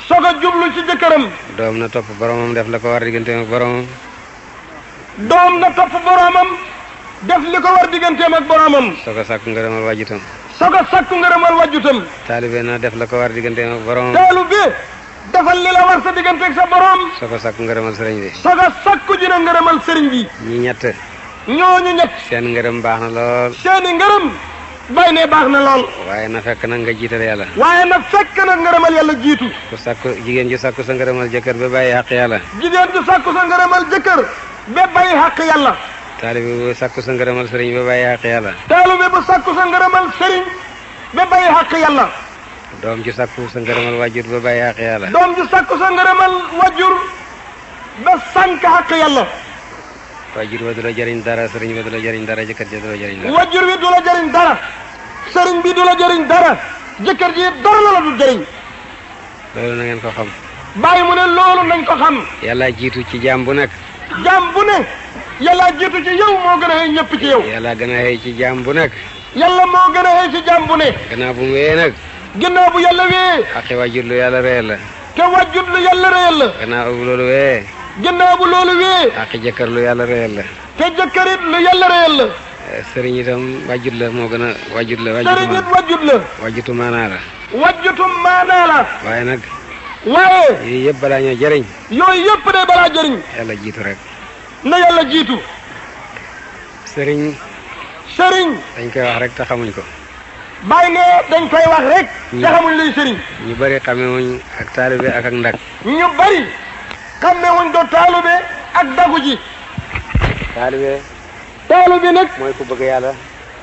soo ko jublu ci jëkkëram. doom na topp boromam def la ko war digganteem ak boromam. doom na topp boromam def li ko war digganteem ak boromam. soo ko sàkku ngërëmal waajutam. soo ko sakku ngërëmal wàjjutam. taalibe na def la ko war diggante ak borom. taalibe defal li la war sa diggante ak sa borom. soo ko sakku ngërëmal sëriñ bi. soo ko sakku dina ñett. seen ngërëm baax na lool. seeni ngërëm. bay baax na lool. waaye na fekk nag nga jiital yàlla. waaye na fekk nag ngërëmal yàlla jiitu. ku sakku jigéen ju sakku sa ngërëmal jëkkër ba bàyyi xàq yàlla. jigéen ju sakku sa ngërëmal jëkkër ba bàyyi xàq yàlla. taalibe bu sàkku sa ngërëmal sëriñ ba bàyyi xaq yàlla taalibe bu sàkku sa ngërëmal sëriñ ba bàyyi xaq yàlla doom ju sàkku sa ngërëmal wàjjur ba bàyyi xaq yàlla doom ju sàkku sa ngërëmal wàjjur ba sànk xaq yàlla wàjjur wa du la jëriñ dara sëriñ ba du la jëriñ dara jëkkër ji du la jëriñ dara wàjjur wi du la jëriñ dara sëriñ bi du la jëriñ dara jëkkër ji dara la la du jëriñ loolu na ngeen ko xam bàyyi mu ne loolu nañ ko xam yàlla jiitu ci jaam bu nekk jaam bu ne yàlla jiitu ci yow moo gën a xëy ñëpp ci yow. yàlla gën a xëy ci jaam bu nekk. yàlla moo gën a xëy ci jaam bu ne. gannaaw bu mu wee nag. gannaaw bu yàlla wee. xaqi wàjjut lu yàlla reyal la. te wàjjut lu yàlla reyal la. gannaaw bu loolu wee. gannaaw bu loolu wee. xaqi jëkkër lu yàlla reyal la. te jëkkërit lu yàlla reyal la. Eh, sëriñ itam wàjjut la moo gën a wàjjut la. sëriñ it wàjjut la. wàjjutu maanaa la. wàjjutu maanaa la. waaye nag. waaye. yooyu yëpp balaa ñoo jëriñ. yooyu yëpp balaa jiitu rek. na yàlla jiitu. sëriñ. sëriñ. dañ koy wax rek te xamuñ ko. bàyyi ne dañ koy wax rek. te xamuñ luy sëriñ. ñu bari xamewuñ ak taalibe ak ak ndag. ñu bari xamewuñ do taalibe ak dagu ji. taalibe. taalibe nag. mooy ku bëgg yàlla.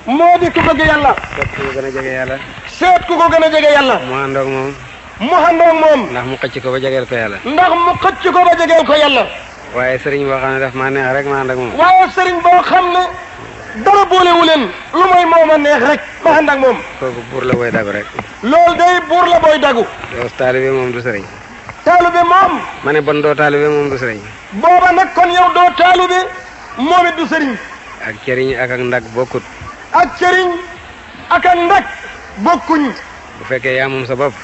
moo di ku bëgg yàlla. seet ku ko gën a jege yàlla. seet ku ko gën a jege yàlla. mu àndoog moom. mu àndoog moom. ndax mu xëcc ko ba jegeel ko yàlla. ndax mu xëcc ko ba jegeel ko yàlla. waaye sëriñ boo xam ne daf maa neex rek ma ànd moom. waaye sëriñ boo xam ne dara boolewu lu mooy moom a neex rek ma ànd moom. buur la booy dagu rek. loolu day buur la booy dagu. yow taalibe moom du sëriñ. taalibe moom. ma ne bon doo taalibe moom du sëriñ. booba nag kon yow doo taalibe moom du sëriñ. ak cëriñ ak ak ndag bokkut. ak cëriñ ak ak ndag bokkuñ. bu fekkee yaa moom sa bopp.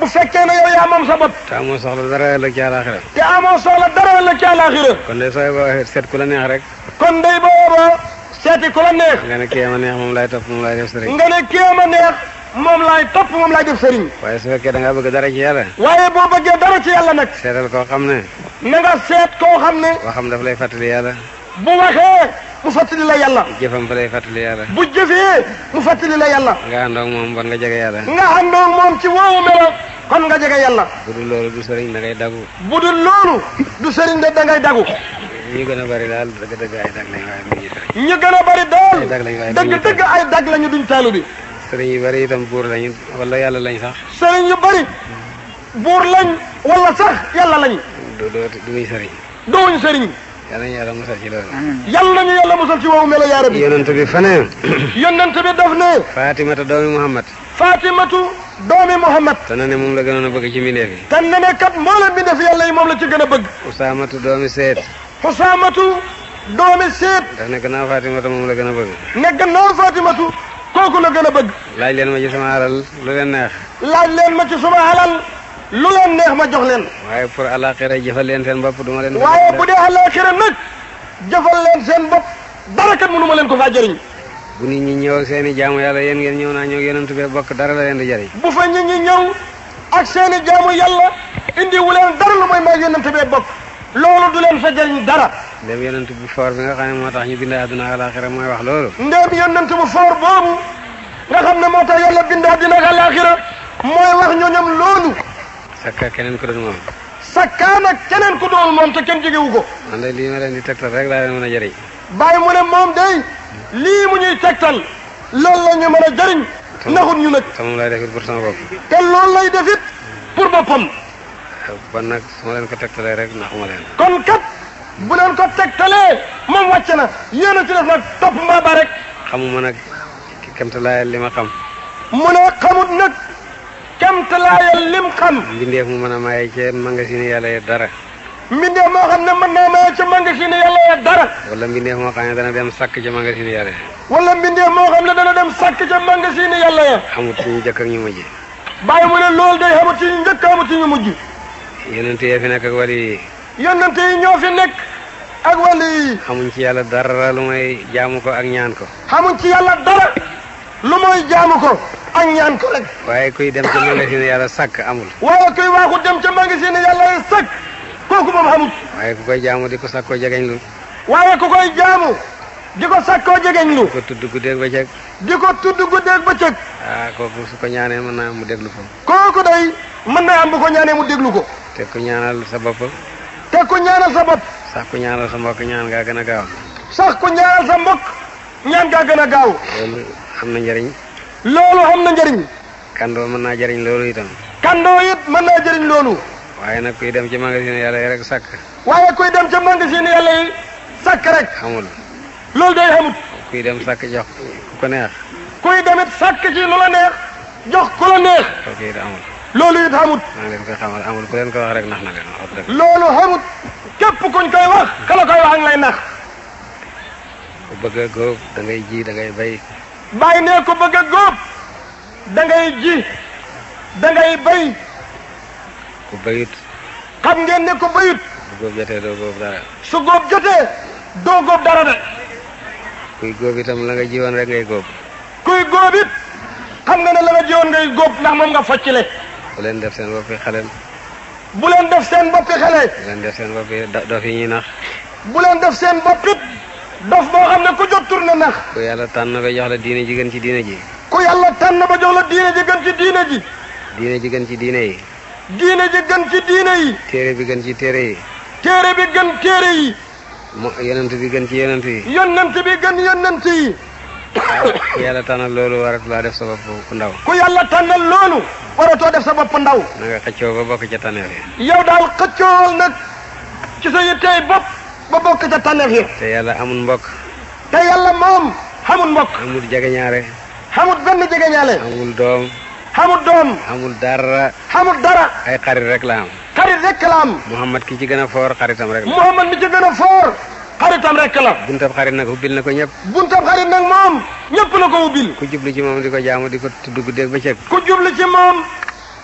bu fekkee ne yow yaa moom sa bopp. te amoo soxla dara ëllëg ci àllaaxira. te amoo soxla dara ëllëg ci àllaaxira. kon de sooy boo seet ku la neex rek. kon day boobaa seeti ku la neex. nga ne kii ma neex moom laay topp moom laay def sëriñ. nga ne kii ma waaye su fekkee da ngaa bëgg dara ci yàlla. waaye boo bëggee dara ci yàlla nag. xam ne. na nga seet koo xam ne. waxam daf lay fàttali yàlla. bu waxee. mu fàttali la yàlla. bu jëfam fa lay fàttali bu jëfee mu fàttali la yàlla. nga àndoog moom bon nga jege yàlla. nga àndoog moom ci woowu melo kon nga jege yàlla. bu dul loolu du sëriñ da ngay dagu. bu dul loolu du sëriñ da dagu. ñu gën a bari daal dëgg-dëgg ay dag lañ a bari daal dëgg-dëgg ay dag lañu duñ taalu bi. bari itam buur lañu wala yàlla lañ sax. sëriñ bari buur lañ wala sax yàlla lañ. du du du muy sëriñ. duñu yàlla ñu yàlla musal ci loolu. yàlla ñu yàlla musal ci woowu melo yaa rabbi. na ne moom la a bëgg ci mbindeef yi. te moom la gën a bëgg. Usaamatu doomi Seet. Usaamatu doomi Seet. daf ne gannaaw Fatimatu moom la gën a bëgg. ne gannaaw Fatimatu kooku la gën a bëgg. laaj leen ma ci sama alal lu leen neex. laaj leen ma ci lu leen neex ma jox leen. waaye pour alaxira jëfal leen seen bopp du leen. waaye bu dee alaxira nag jëfal leen seen bopp dara kat mënu ma leen ko faa jëriñ. bu nit ñi ñëw seen i jaamu yàlla yéen ngeen ñëw naa ñëw yonent bi bokk dara la leen di jëriñ. bu fa nit ñi ñëw ak seen i jaamu yàlla indi wu leen dara lu mooy maag yonent bi bokk loolu du leen fa jëriñ dara. ndéem yonent bu foor bi nga xam ne moo tax ñu bind àdduna alaxira mooy wax loolu. ndéem yonent bu foor boobu nga xam ne moo tax yàlla bind àdduna alaxira mooy wax ñooñam loolu sakka keneen ku doon moom sakka keneen ku doon moom te kenn jógewu ko man de lii ma leen di tegtal rek laa leen mën a jëriñ moom day lii mu ñuy tegtal loolu la ñu mën a jëriñ naxut ñu nag te moom lay defit pour sama bopp te loolu lay defit pour boppam ban leen ko tegtalee rek naxuma leen kon kat bu leen ko tegtalee moom wàcce na yéen a ci def nag topp ma xam mu ne xamut nag kemtalaayal lim xam. mbindeef mu mën a maye ca magasin yàlla ya dara. mbindeef moo xam ne mën naa maye ca magasin yàlla ya dara. wala mbindeef moo xam ne dana dem sàkk ca magasin yàlla ya. moo xam ne dana dem sàkk ca magasin yàlla ya. xamut ci ñu jëkk ak ñu mujj. bàyyi mu ne loolu day xamut ci ñu njëkk ci ak wali yi. yonente yi ñoo fi nekk. ak wàll yi. xamuñ ci yàlla dara lu may jaamu ko ak ñaan ko. xamuñ ci yàlla dara lu mooy jaamu ko. ak ñaan ko rek. waaye kuy dem ca magasin yàlla sàkk amul. waaye kuy waaxu dem ca magasin yàlla sàkk kooku moom amul. waaye ku koy jaamu di ko sàkkoo jegeñ lu. waaye ku koy jaamu. di ko sàkkoo jegeñ lu. ko tudd guddeeg bëccëg. di ko tudd guddeeg bëccëg. ah ko ñaanee mën naa am mu déglu ko. kooku day mën naa am bu ko ñaanee mu déglu ko. te ku ñaanal sa te ku ñaanal sa ku ñaanal sa mbokk ñaan ngaa gën a gaaw. sax ku ñaanal sa mbokk ñaan ngaa gën a gaaw. loolu na njëriñ. loolu am na njariñ kandoo mën jariñ loolu itam kandoo it mën naa jariñ loolu waaye nag kuy dem ci magasin yàlla yi rek waaye kuy dem ca magasin yàlla yi sàkk rek xamul loolu day xamut kuy dem sàkk jox ku ko neex kuy demit sàkk ci lu la neex jox ku la neex kooku it amul loolu it xamut maa ngi leen koy xamal amul ku leen koy wax rek nax na leen loolu xamut képp ku bëgg góob da ngay ji da ngay bay bàyyi ne ko bëgg a góob da ji da ngay ku bayut xam ngeen ne ku bayut su góob jotee doo góob dara su góob jotee doo góob dara de kuy góob itam la nga jiwoon rek ngay góob kuy góob it xam nga ne la nga jiwoon ngay góob ndax moom nga foccile bu leen def seen boppi xale bu leen def seen boppi xale bu leen def seen boppi doo yi ñuy nax bu leen def seen bopp dof boo xam ne ku jóg tur na nax. ku yàlla tànn ba jox la diine ji gën ci diine ji. ku yàlla tànn ba jox la diine ji gën ci diine ji. diine ji gën ci diine yi. diine ji gën téere bi gën ci téere yi. téere bi gën téere yi. mo bi gën ci yonent yi. yonent bi gën yonent yi. ku yàlla tànnal loolu waratulaa def sa bopp ndaw. ku yàlla tànnal loolu. waratoo def sa bopp ndaw. na nga xëccoo ba bokk ca tànneef yi. yow daal xëccoo nag ci sa yittey bopp. ba ta ca te yàlla amul mbok te yàlla moom xamul mbokk amul jegeñaale amul doom xamul doom amul dara ay xarit rek la am Muhammad ki ci gën a foor xaritam rek la Muhammad mi ci gën a foor xaritam rek la buntab xarit nag ubbil na ko ñëpp buntab xarit nag moom ñëpp la ko ubbil ku ci moom di ko jaamu di ko tudd guddeeg bëccëg ku ci moom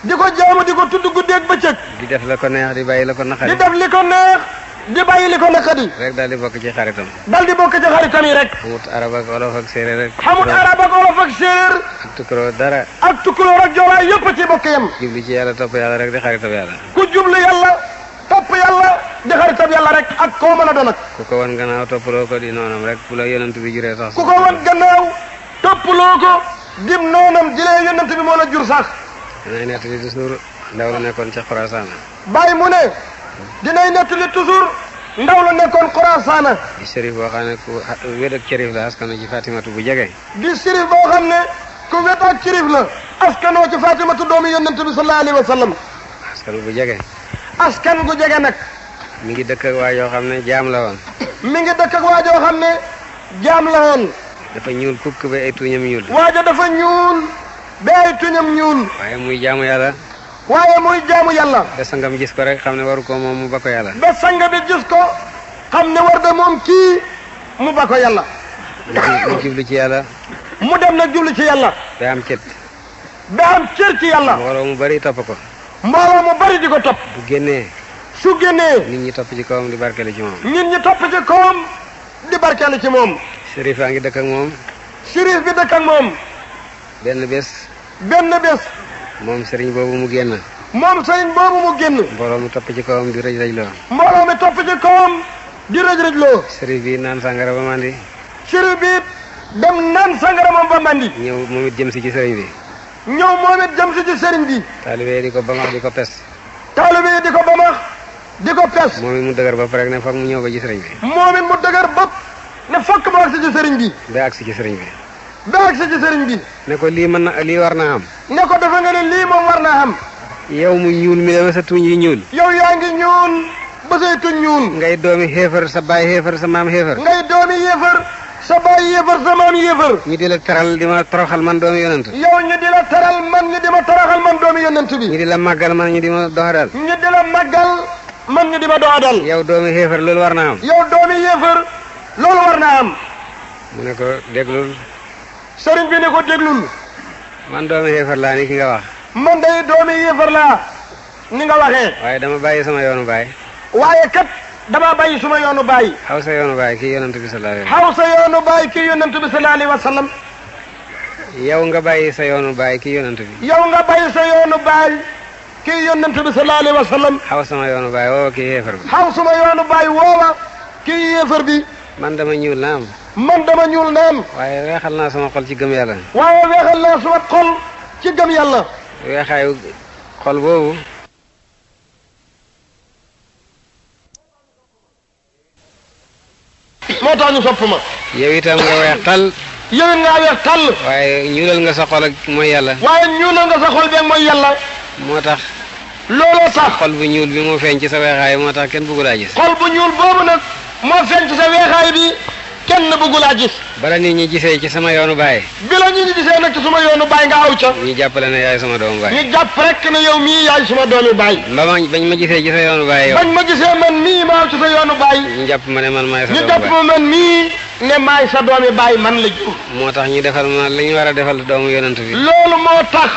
di ko jaamu di ko tudd guddeeg bëccëg di def la ko neex di bàyyi la ko neex di bàyyi li ko naqadi. rek daal di bokk ci xaritam. daal di bokk ci xaritam yi rek. xamut arab ak olof rek. xamut arab ak olof ak séeréer. dara. ak tukkuloo ak joolaa yëpp ci bokk yam. jublu ci yàlla topp yàlla rek di xaritam yàlla. rek ak koo a doon ku ko wan gannaaw toppaloo ko di noonam rek bu la yonent bi sax. ku ko wan gannaaw toppaloo ko dim noonam di lee yonent jur sax. danay nett li di suur ndaw la nekkoon ca Xorasaan. bàyyi mu ne. dinay nettali toujours ndaw la nekkoon Xurasaana di sërif boo xam ne ku wet ak la askanoo Fatimatu bu jege di sërif boo xam ne ku wet ak cërif la askanoo ci Fatimatu doomu yonent bi sallallahu alayhi wa bu jege askan gu jege nag mu ngi dëkk ak waa yoo xam ne jaam la woon mi ngi dëkk ak waa xam ne jaam la woon dafa ñuul kukk ba ay tuñam ñuul waajo dafa ñuul ba ay tuñam ñuul waaye muy jaamu yàlla waaye muy jaamu yàlla. sanga sangam gis ko rek xam ne waru ko moom mu ba ko yàlla. ba sang bi gis ko xam ne war da moom kii mu ba ko yàlla. mu ci yàlla. mu dem nag jublu ci yàlla. ba am cër. ci yàlla. mbooloo mu bari topp ko. mbooloo mu bari di ko topp. bu génnee. su génnee. nit ñi topp ci kawam di barkeelu ci moom. nit ñi topp ci kawam di barkeelu ci moom. shérif a ngi dëkk ak moom. shérif bi dëkk ak moom. benn bés. benn bés. moom sëriñ boobu mu génn. moom sëriñ boobu mu génn. mbooloo mi topp ci kawam di rëj rëj loo. mbooloo mi topp ci kawam di rëj rëj loo. sëriñ bi naan sàngara ba mandi. sëriñ bi dem naan sàngara ba mandi. ñëw moom it si ci sëriñ bi. ñëw moom it jëm ci sëriñ bi. taalibe di ko bamax di ko pes. taalibe yi di ko bamax di ko pes. moom it mu dëgër bopp rek ne foog mu ñëw ba ci sëriñ bi. moom it mu dëgër bopp ne fokk mu agsi ci sëriñ bi. ba agsi ci sëriñ bi. ba ak ci sëriñ bi. ne ko lii man na lii war naa am. ne ko dafa nga ne lii moom war naa am. yow mu ñuul mi dama sa tuñ yi ñuul. yow yaa ngi ñuul ba say tuñ ñuul. ngay doomi xeefar sa baay xeefar sa maam xeefar. ngay doomi sa baay yéefar sa ñu di la taral di ma toroxal man doomi yonent. yow ñu di la taral man ñu di ma toroxal man doomi yonent bi. ñu di la màggal man ñu di ma doxadal. ñu di man ñu di ma doxadal. yow doomi xeefar loolu war na am. yow doomi yéefar loolu war na am. mu ne ko déglul. sëriñ bi ne ko déglul. man doomi yéefar laa ni ki nga wax. man day doomi yéefar laa ni nga waaye dama bàyyi sama yoonu baay. waaye kat dama bàyyi suma yoonu baay. xaw sa yoonu baay kii yonent bi sa yoonu baay kii yonent bi sallallahu alayhi yow nga bàyyi sa yoonu baay kii yonent bi. yow nga bàyyi sa yoonu baay. kii yonent bi sallallahu alayhi wa sallam. xaw sama yoonu baay woowa bi. xaw sama yoonu baay woowa kii yéefar bi. man dama ñuul naam. man dama ñuul naan. waaye weexal naa sama xol ci gëm yàlla. waaye weexal naa sama xol ci gëm yàlla. weexaayu xol boobu. moo tax ñu sopp ma. yow nga weex tal. yow waaye ñuulal nga sa yàlla. waaye ñuulal nga sa xol beeg mooy yàlla. moo tax. looloo tax xol bu ñuul bi moo feeñ ci sa weexaay moo tax kenn bëggu laa xol bu ñuul boobu nag moo feeñ ci sa weexaay bi. kenn bëggu laa gis. bala nit ñi gisee ci sama yoonu baay. bi la nit ñi gisee nag ci sama yoonu baay nga aw ca. ñu jàppale ne yaay sama doomu baay. ñu jàpp rek ne yow mii yaay sama doomi baay. ba ma bañ ma gisee ci sa yoonu baay yow. bañ ma gisee man mii ma aw ci sa yoonu baay. ñu jàpp ma ne man maay sa doomi baay ñu jàpp ma man mii ne maay sa doomi baay man la jur. moo tax ñu defal ma li ñu war a defal doomu yonent bi. loolu moo tax.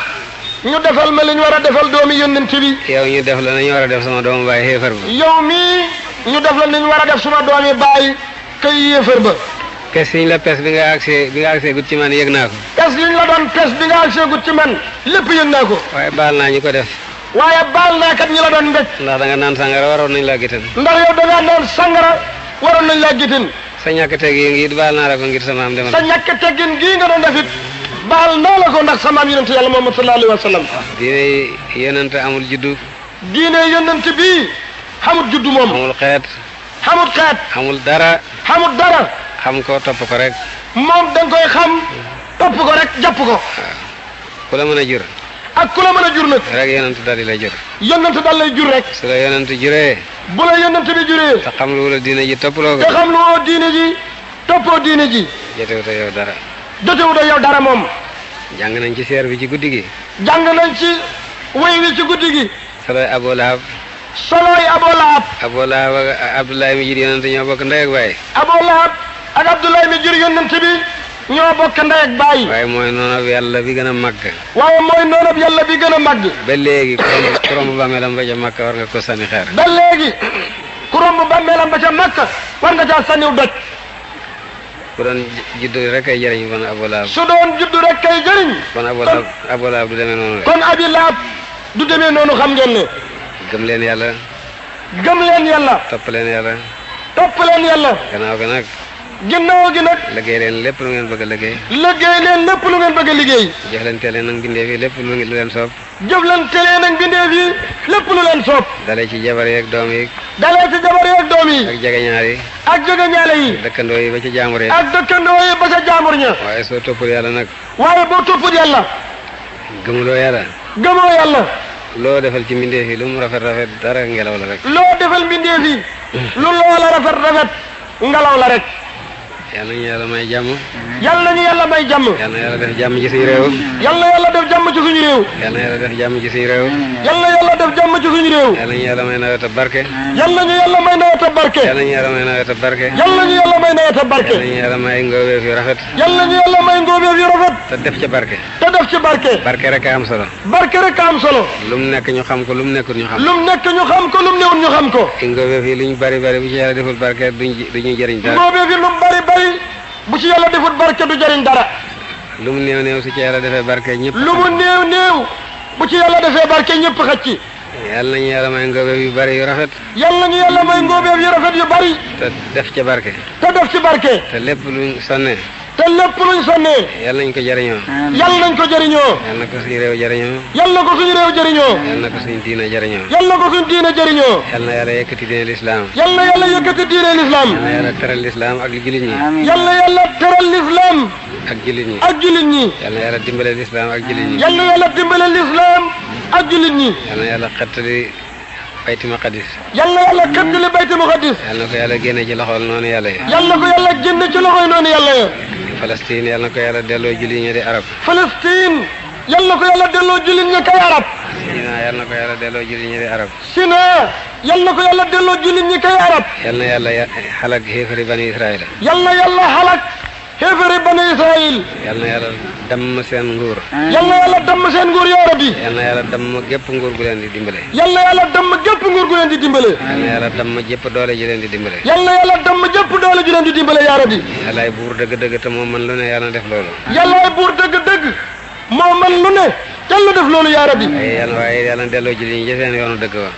ñu defal ma li ñu war a defal doomi yónnent bi. yow ñu def la li ñu war a def sama doomu baay xeefar ba. yow mii ñu def la li ñu war a def sama doomi baay ca yéefar ba kes liñ la pes bi nga agsee bi nga ci man yëg naa ko kes liñ la doon pes bi nga agsee gut ci man lépp yëg naa ko waaye baal naa ñu ko def waaye baal naa kat ñi la doon mbéj ndax da naan sangara waroon nañ laa gitin ndax yow da ngaa naan sangara waroon nañu laa sa ñàkk teggin gi baal naa la ko ngir sama am demal sa ñàkk teggin gii nga doon def it baal naa la ko ndax sama am yonente yàlla Muhammad sallallahu alayhi wa sallam ah, diine yonente amul juddu diine yonente bii xamul juddu moom amul xeet xamul xeet. xamul dara. xamul dara. xam ko topp ko rek. moom da koy xam. topp ko rek jàpp ko. waaw ku la mën a jur. ak ku la mën a jur nag. rek yonent daal lay jur. yonent daal lay jur rek. su la yonent juree. bu la yonent bi juree. te xam lu wala diine ji toppaloo ko. te a dara. jotewut a yow dara moom. jàng nañ ci seer bi ci guddi gi. jàng nañ ci way wi ci guddi gi. saloy Abu Lahab. solooy Abu Lahab. Abu Lahab ak Abdoulaye mi jur yonent ñoo bokk ndey ak baay. Abu Lahab ak Abdoulaye waaye mooy noonab bi gën a màgg. waaye bi gën a màgg. ba léegi kurom kurom ba ca Makka war nga ko sànni xeer. ba léegi kurom bàmmeelam ba ca Makka war nga caa sànniw doj. su doon juddu rek kay kon Abu Lahab. du demee noonu rek. kon Abu Lahab du demee noonu xam ngeen gëm leen yàlla. gëm leen yàlla. topp leen yàlla. topp leen yàlla. gannaaw ga nag. ginnaaw gi nag. liggéey leen lépp lu ngeen bëgg a liggéey. liggéey leen lépp lu ngeen bëgg a liggéey. jëflante leen ak bindeef yi lépp lu leen soob. jëflante leen ak bindeef yi lépp lu leen soob. dalee ci jabar yi ak doom yi. dalee ci jabar yi ak doom yi. ak jegeñaar yi. ak jegeñaale yi. dëkkandoo yi ba ca jaamur yi. ak dëkkandoo yi ba ca jaamur ña. waaye soo toppul yàlla nag. waaye boo loo defal ci mbindeef yi lu mu rafet rafet dara ngelaw la rek. loo defal mbindeef yi. lu loola rafet rafet ngelaw la rek. yal nañu yàlla may jàmm. yal nañu yàlla may jàmm. yal na yàlla def jàmm ci suñu réew. yal na yàlla def jàmm ci suñu réew. yal na yàlla def jàmm ci suñu réew. yal na yàlla def jàmm ci suñu réew. yal nañu yàlla may nawet ab barke. yal nañu yàlla may nawet ab barke. yal nañu yàlla may nawet ab barke. yal nañu yàlla may nawet ab barke. yal nañu yàlla may ngóobeef yu rafet. yal nañu yàlla may ngóobeef yu rafet. te def ca barke. te def ci barke. barke rek am solo. barke rek lum nekk ñu xam ko lum nekkul ñu xam ko. lum nekk ñu xam ko lum newul ñu xam ko. ngóobeef yi lu ñu bari bari bu ci yàlla deful barke duñ duñu jëriñ dara. ngóobeef yi lu mu du jëriñ dara. lu mu néew néew ci yàlla defee barke ñëpp. lu mu néew bu ci yàlla defee barke ñëpp xaj ci. yàlla nañu yàlla may ngóobeef yu bari yu rafet. yàlla nañu yàlla may ngóobeef yu rafet yu bari. te def ci barke. te def ci barke. te lépp luñ sonnee. te lépp luñ sonnee. yàlla nañ ko jëriñoo. yàlla nañ ko jëriñoo. yàlla na ko suñu réew jëriñoo. yàlla na ko suñu réew jëriñoo. yàlla na ko suñu diina jëriñoo. yàlla na ko suñu diina jëriñoo. yàlla na yàlla yëkkati diine lislaam. yàlla na yàlla yëkkati diine lislaam. yàlla na yàlla teral lislaam ak jullit ñi. yàlla yàlla teral lislaam. ak jullit ñi. ak jullit ñi. yàlla na yàlla dimbale lislaam ak jullit ñi. yàlla na yàlla dimbale lislaam ak jullit ñi. yàlla na yàlla xettali bayti maqadis yal na yàlla xettali bayti maqadis ko yàlla génne ci loxol noonu yàlla yi yal na ko yàlla génne ci loxoy noonu yàlla yi Palestine yal ko yàlla delloo julli ña kay arab Sina yal ko yàlla delloo jullit ñi kay arab Sina yal na ko yàlla delloo jullit ñi kay xéefari banu Israël. yal na yàlla damm seen nguur. yal na seen nguur yaa rabbi. yal na damm gépp nguur gu leen di dimbale. yal na yàlla damm gépp nguur gu leen di dimbale. yal na yàlla damm jëpp doole ji leen di dimbale. yal na yàlla damm jëpp doole ji leen di dimbale yaa rabbi. yàllaay buur dëgg moo man lu ne yàlla def loolu. yàllaay buur dëgg-dëgg moo man waaye yàlla waaye yàlla delloo ji li ñu seen yoonu dëgg wa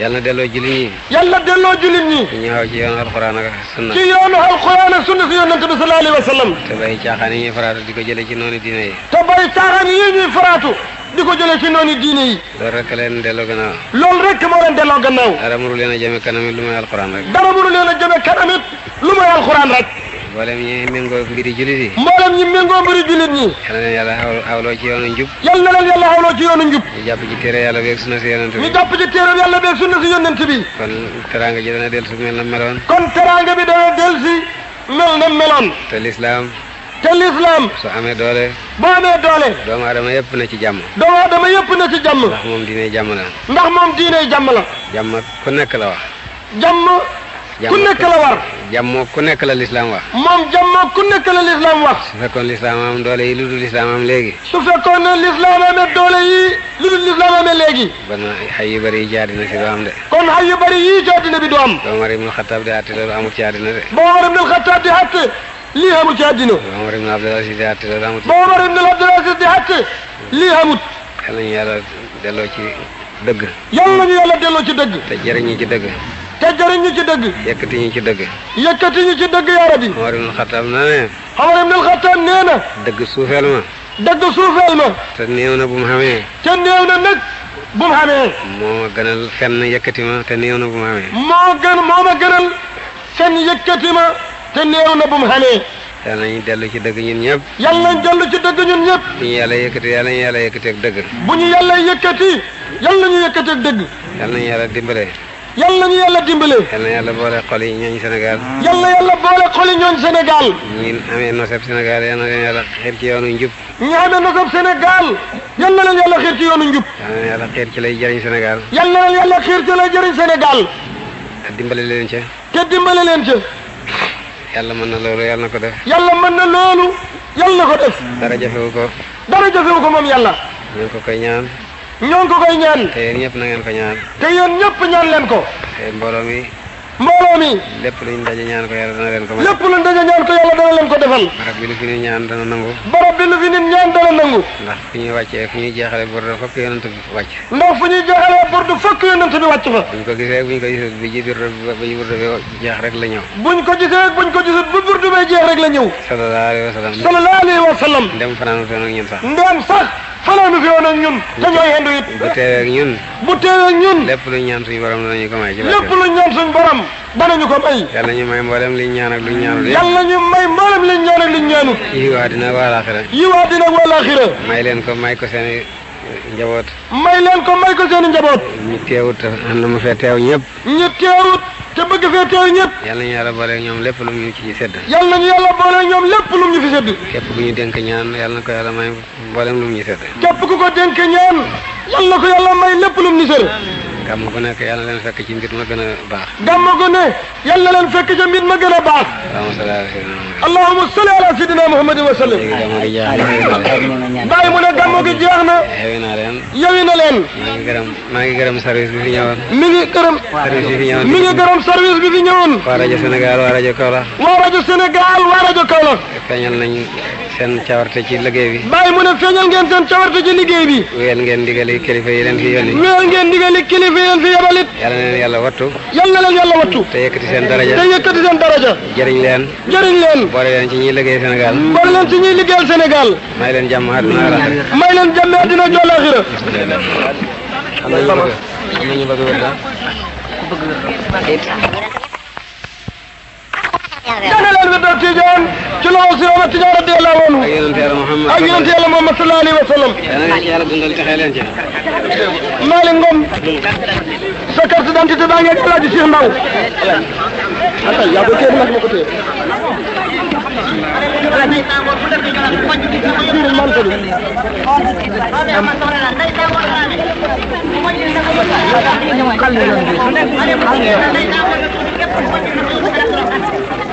yàlla na delloo jullit ñi. yàlla delloo jullit ñi. ci ñëwaat ci yoonu alxuraan ak sunna. ci yoonu alxuraan ak sunna si yonent bi sallallahu alayhi wa sallam. te bàyyi caaxaan yi ñuy faraatu di ko jëlee ci noonu diine yi. te bàyyi caaxaan yi ñuy faraatu di ko jëlee ci noonu diine yi. loolu rek leen delloo gannaaw. loolu rek moo leen delloo gannaaw. dara mënu leen a jëme kanam it lu mooy alxuraan rek. dara mënu leen a jëme kanam it lu mooy alxuraan rek. mboolem ñi méngoo mbiri jullit yi mboolem ñi méngoo mbiri jullit ñi yal na leen a xawloo ci yoonu njub yal na leen yàlla xawloo ci yoonu njub ñu jàpp ci téere yàlla beeg sunna si yonent bi ñu jàpp ci téere yàlla beeg sunna si yonent bi kon teraanga ji dana dellusi mel na meloon kon teraanga bi dana dellusi mel na meloon te lislaam te lislaam su amee doole boo amee doole doomu adama yëpp na ci jàmm doomu adama na ci jàmm ndax moom diine jàmm la ndax moom diine jàmm la jàmm ku nekk la wax jàmm ku nekk war. jàmmoo ku nekk la lislaam wax. moom jàmmoo ku nekk la wax. su fekkoon am doole yi lu dul lislaam am léegi. su fekkoon ne lislaam amee doole yi lu dul lislaam amee léegi. ba na xay yu bëri yi ci àddina si doo am de. kon xay yu bëri yii ci àddina bi doo am. ba Omar ibnul di àtte ci de. ba Omar lii amul ci àddina. ñu yàlla delloo dëgg. te jëriñu ci dëgg. yëkkati ñu ci dëgg. yëkkati ñu ci dëgg yaa rabbi. Omar ibn Xattaab nee na. Omar ibn Xattaab nee na. dëgg suufeel ma. dëgg suufeel ma. te néew na bu mu xamee. te néew na nag bu mu xamee. moo ma gënal fenn yëkkati ma te néew na bu mu xamee. moo gën moo ma gënal ma te néew na bu mu xamee. yàlla nañu dellu ci dëgg ñun ñëpp. yàlla nañ dellu ci dëgg ñun ñëpp. bu ñu yàlla yëkkati yàlla nañu yàlla yëkkati dëgg. bu ñu yàlla yëkkati yàlla nañu yëkkati ak dëgg. yal na ñu yàlla dimbale. yal na yàlla boole xol yi ñooñu Sénégal. yal na yàlla boole xol yi ñooñu Sénégal. ñi amee noseb Sénégal yal leen yàlla xeer ci yoonu njub. ñi amee noseb Sénégal yal leen yàlla xeer ci yoonu njub. yal na ci lay jëriñ Sénégal. yal leen yàlla xeer ci lay jëriñ Sénégal. dimbale leen ca. te dimbale leen ca. yàlla mën na loolu yàlla na ko def. yàlla mën na loolu yàlla na ko def. dara jafewu ko. dara jafewu ko moom yàlla. ñu ko koy ñaan. ñoo ngi ko koy ñaan. te yéen ñëpp na ngeen ko ñaan. te yéen ñëpp ñaan leen ko. te mbooloo mi. mbooloo mi. lépp luñ daje ñaan ko yàlla dana leen ko may. lépp luñ daje ñaan ko yàlla dana leen ko defal. barab bi lu fi nit ñaan dana nangu. barab bi lu fi nit ñaan dana nangu. ndax fu ñuy wàccee fu ñuy jeexalee burdu fokk yonent bi wàcc. ndax fu ñuy jeexalee burdu fokk yonent bi wàcc fa. buñ ko gisee buñ ko gisut bi ji burdu bi jeex rek la ñëw. buñ ko gisee ko gisut bu burdu bi jeex rek la ñëw. sallallahu alayhi wa sallam. sallallahu alayhi wa sallam. ndem fanaanu fi woon ak ñun. te ñooy yendu it bu teewee ak ñun. bu teewee ak ñun. lépp lu ñaan suñu borom danañu ko may. ci lu ñaan suñu borom danañu ko may. yàlla ñu may ñu may mboolem liñ ñaan ak ñaanut. yi waa dina wal axira. yi waa dina wal axira. may leen ko may ko seen njaboot. may leen ko may ko seen i njaboot. ñu teewut am na mu fee teew ñëpp. ñu teewut. te bëgg fee teew ñëpp yal nañu yàlla boole ñoom lépp lu ñu ci sedd yal nañu yàlla boole ñoom lépp lu ñu fi sedd képp ku ñu dénk ñaan yal ko yàlla may mboolem lu ñu sedd képp ku ko dénk ñaan yal ko yàlla may lépp lu ñu sedd gàmm gu nekk yàlla na leen fekk ci mbir ma gën a baax. gàmm gu ne yàlla na leen fekk ci mbir ma gën a baax. allahumma salli ala sayyidina muhammadin wa sallim. bàyyi mu ne gàmm gi jeex na. yewi na leen. yewi na leen. maa ngi gërëm maa ngi gërëm service bi fi ñëwoon. mi ngi gërëm. service bi fi ñëwoon mi rajo Sénégal waa rajo Kaolack. waa rajo Sénégal waa seen cawarte ci liggéey bi bàyyi mu ne feeñal ngeen seen cawarte ci liggéey bi wéyal ngeen ndigali kilifa yi leen fi yónni wéyal ngeen ndigali kilifa yi leen fi yebalit yàlla leen yàlla wattu yàlla leen yàlla wattu te yëkkati seen daraja te yëkkati seen daraja jëriñ leen jëriñ leen boole leen ci ñuy liggéey Sénégal boole leen ci ñuy liggéeyal Sénégal may leen jàmm àddina alaxira may leen jàmm àddina jolaxira jàngale leen wirdal Tijaan ci loxo si Ahmad Tijaan radiyallaahu anhu ak yonent yàlla Muhammad ak yonent yàlla Muhammad sallallaahu alayhi wa sallam Malick Ngom sa carte d'identité baa ngeen Alaaji Cheikh Ndaw atay yaa koy téye nag ma ko téye Thank you.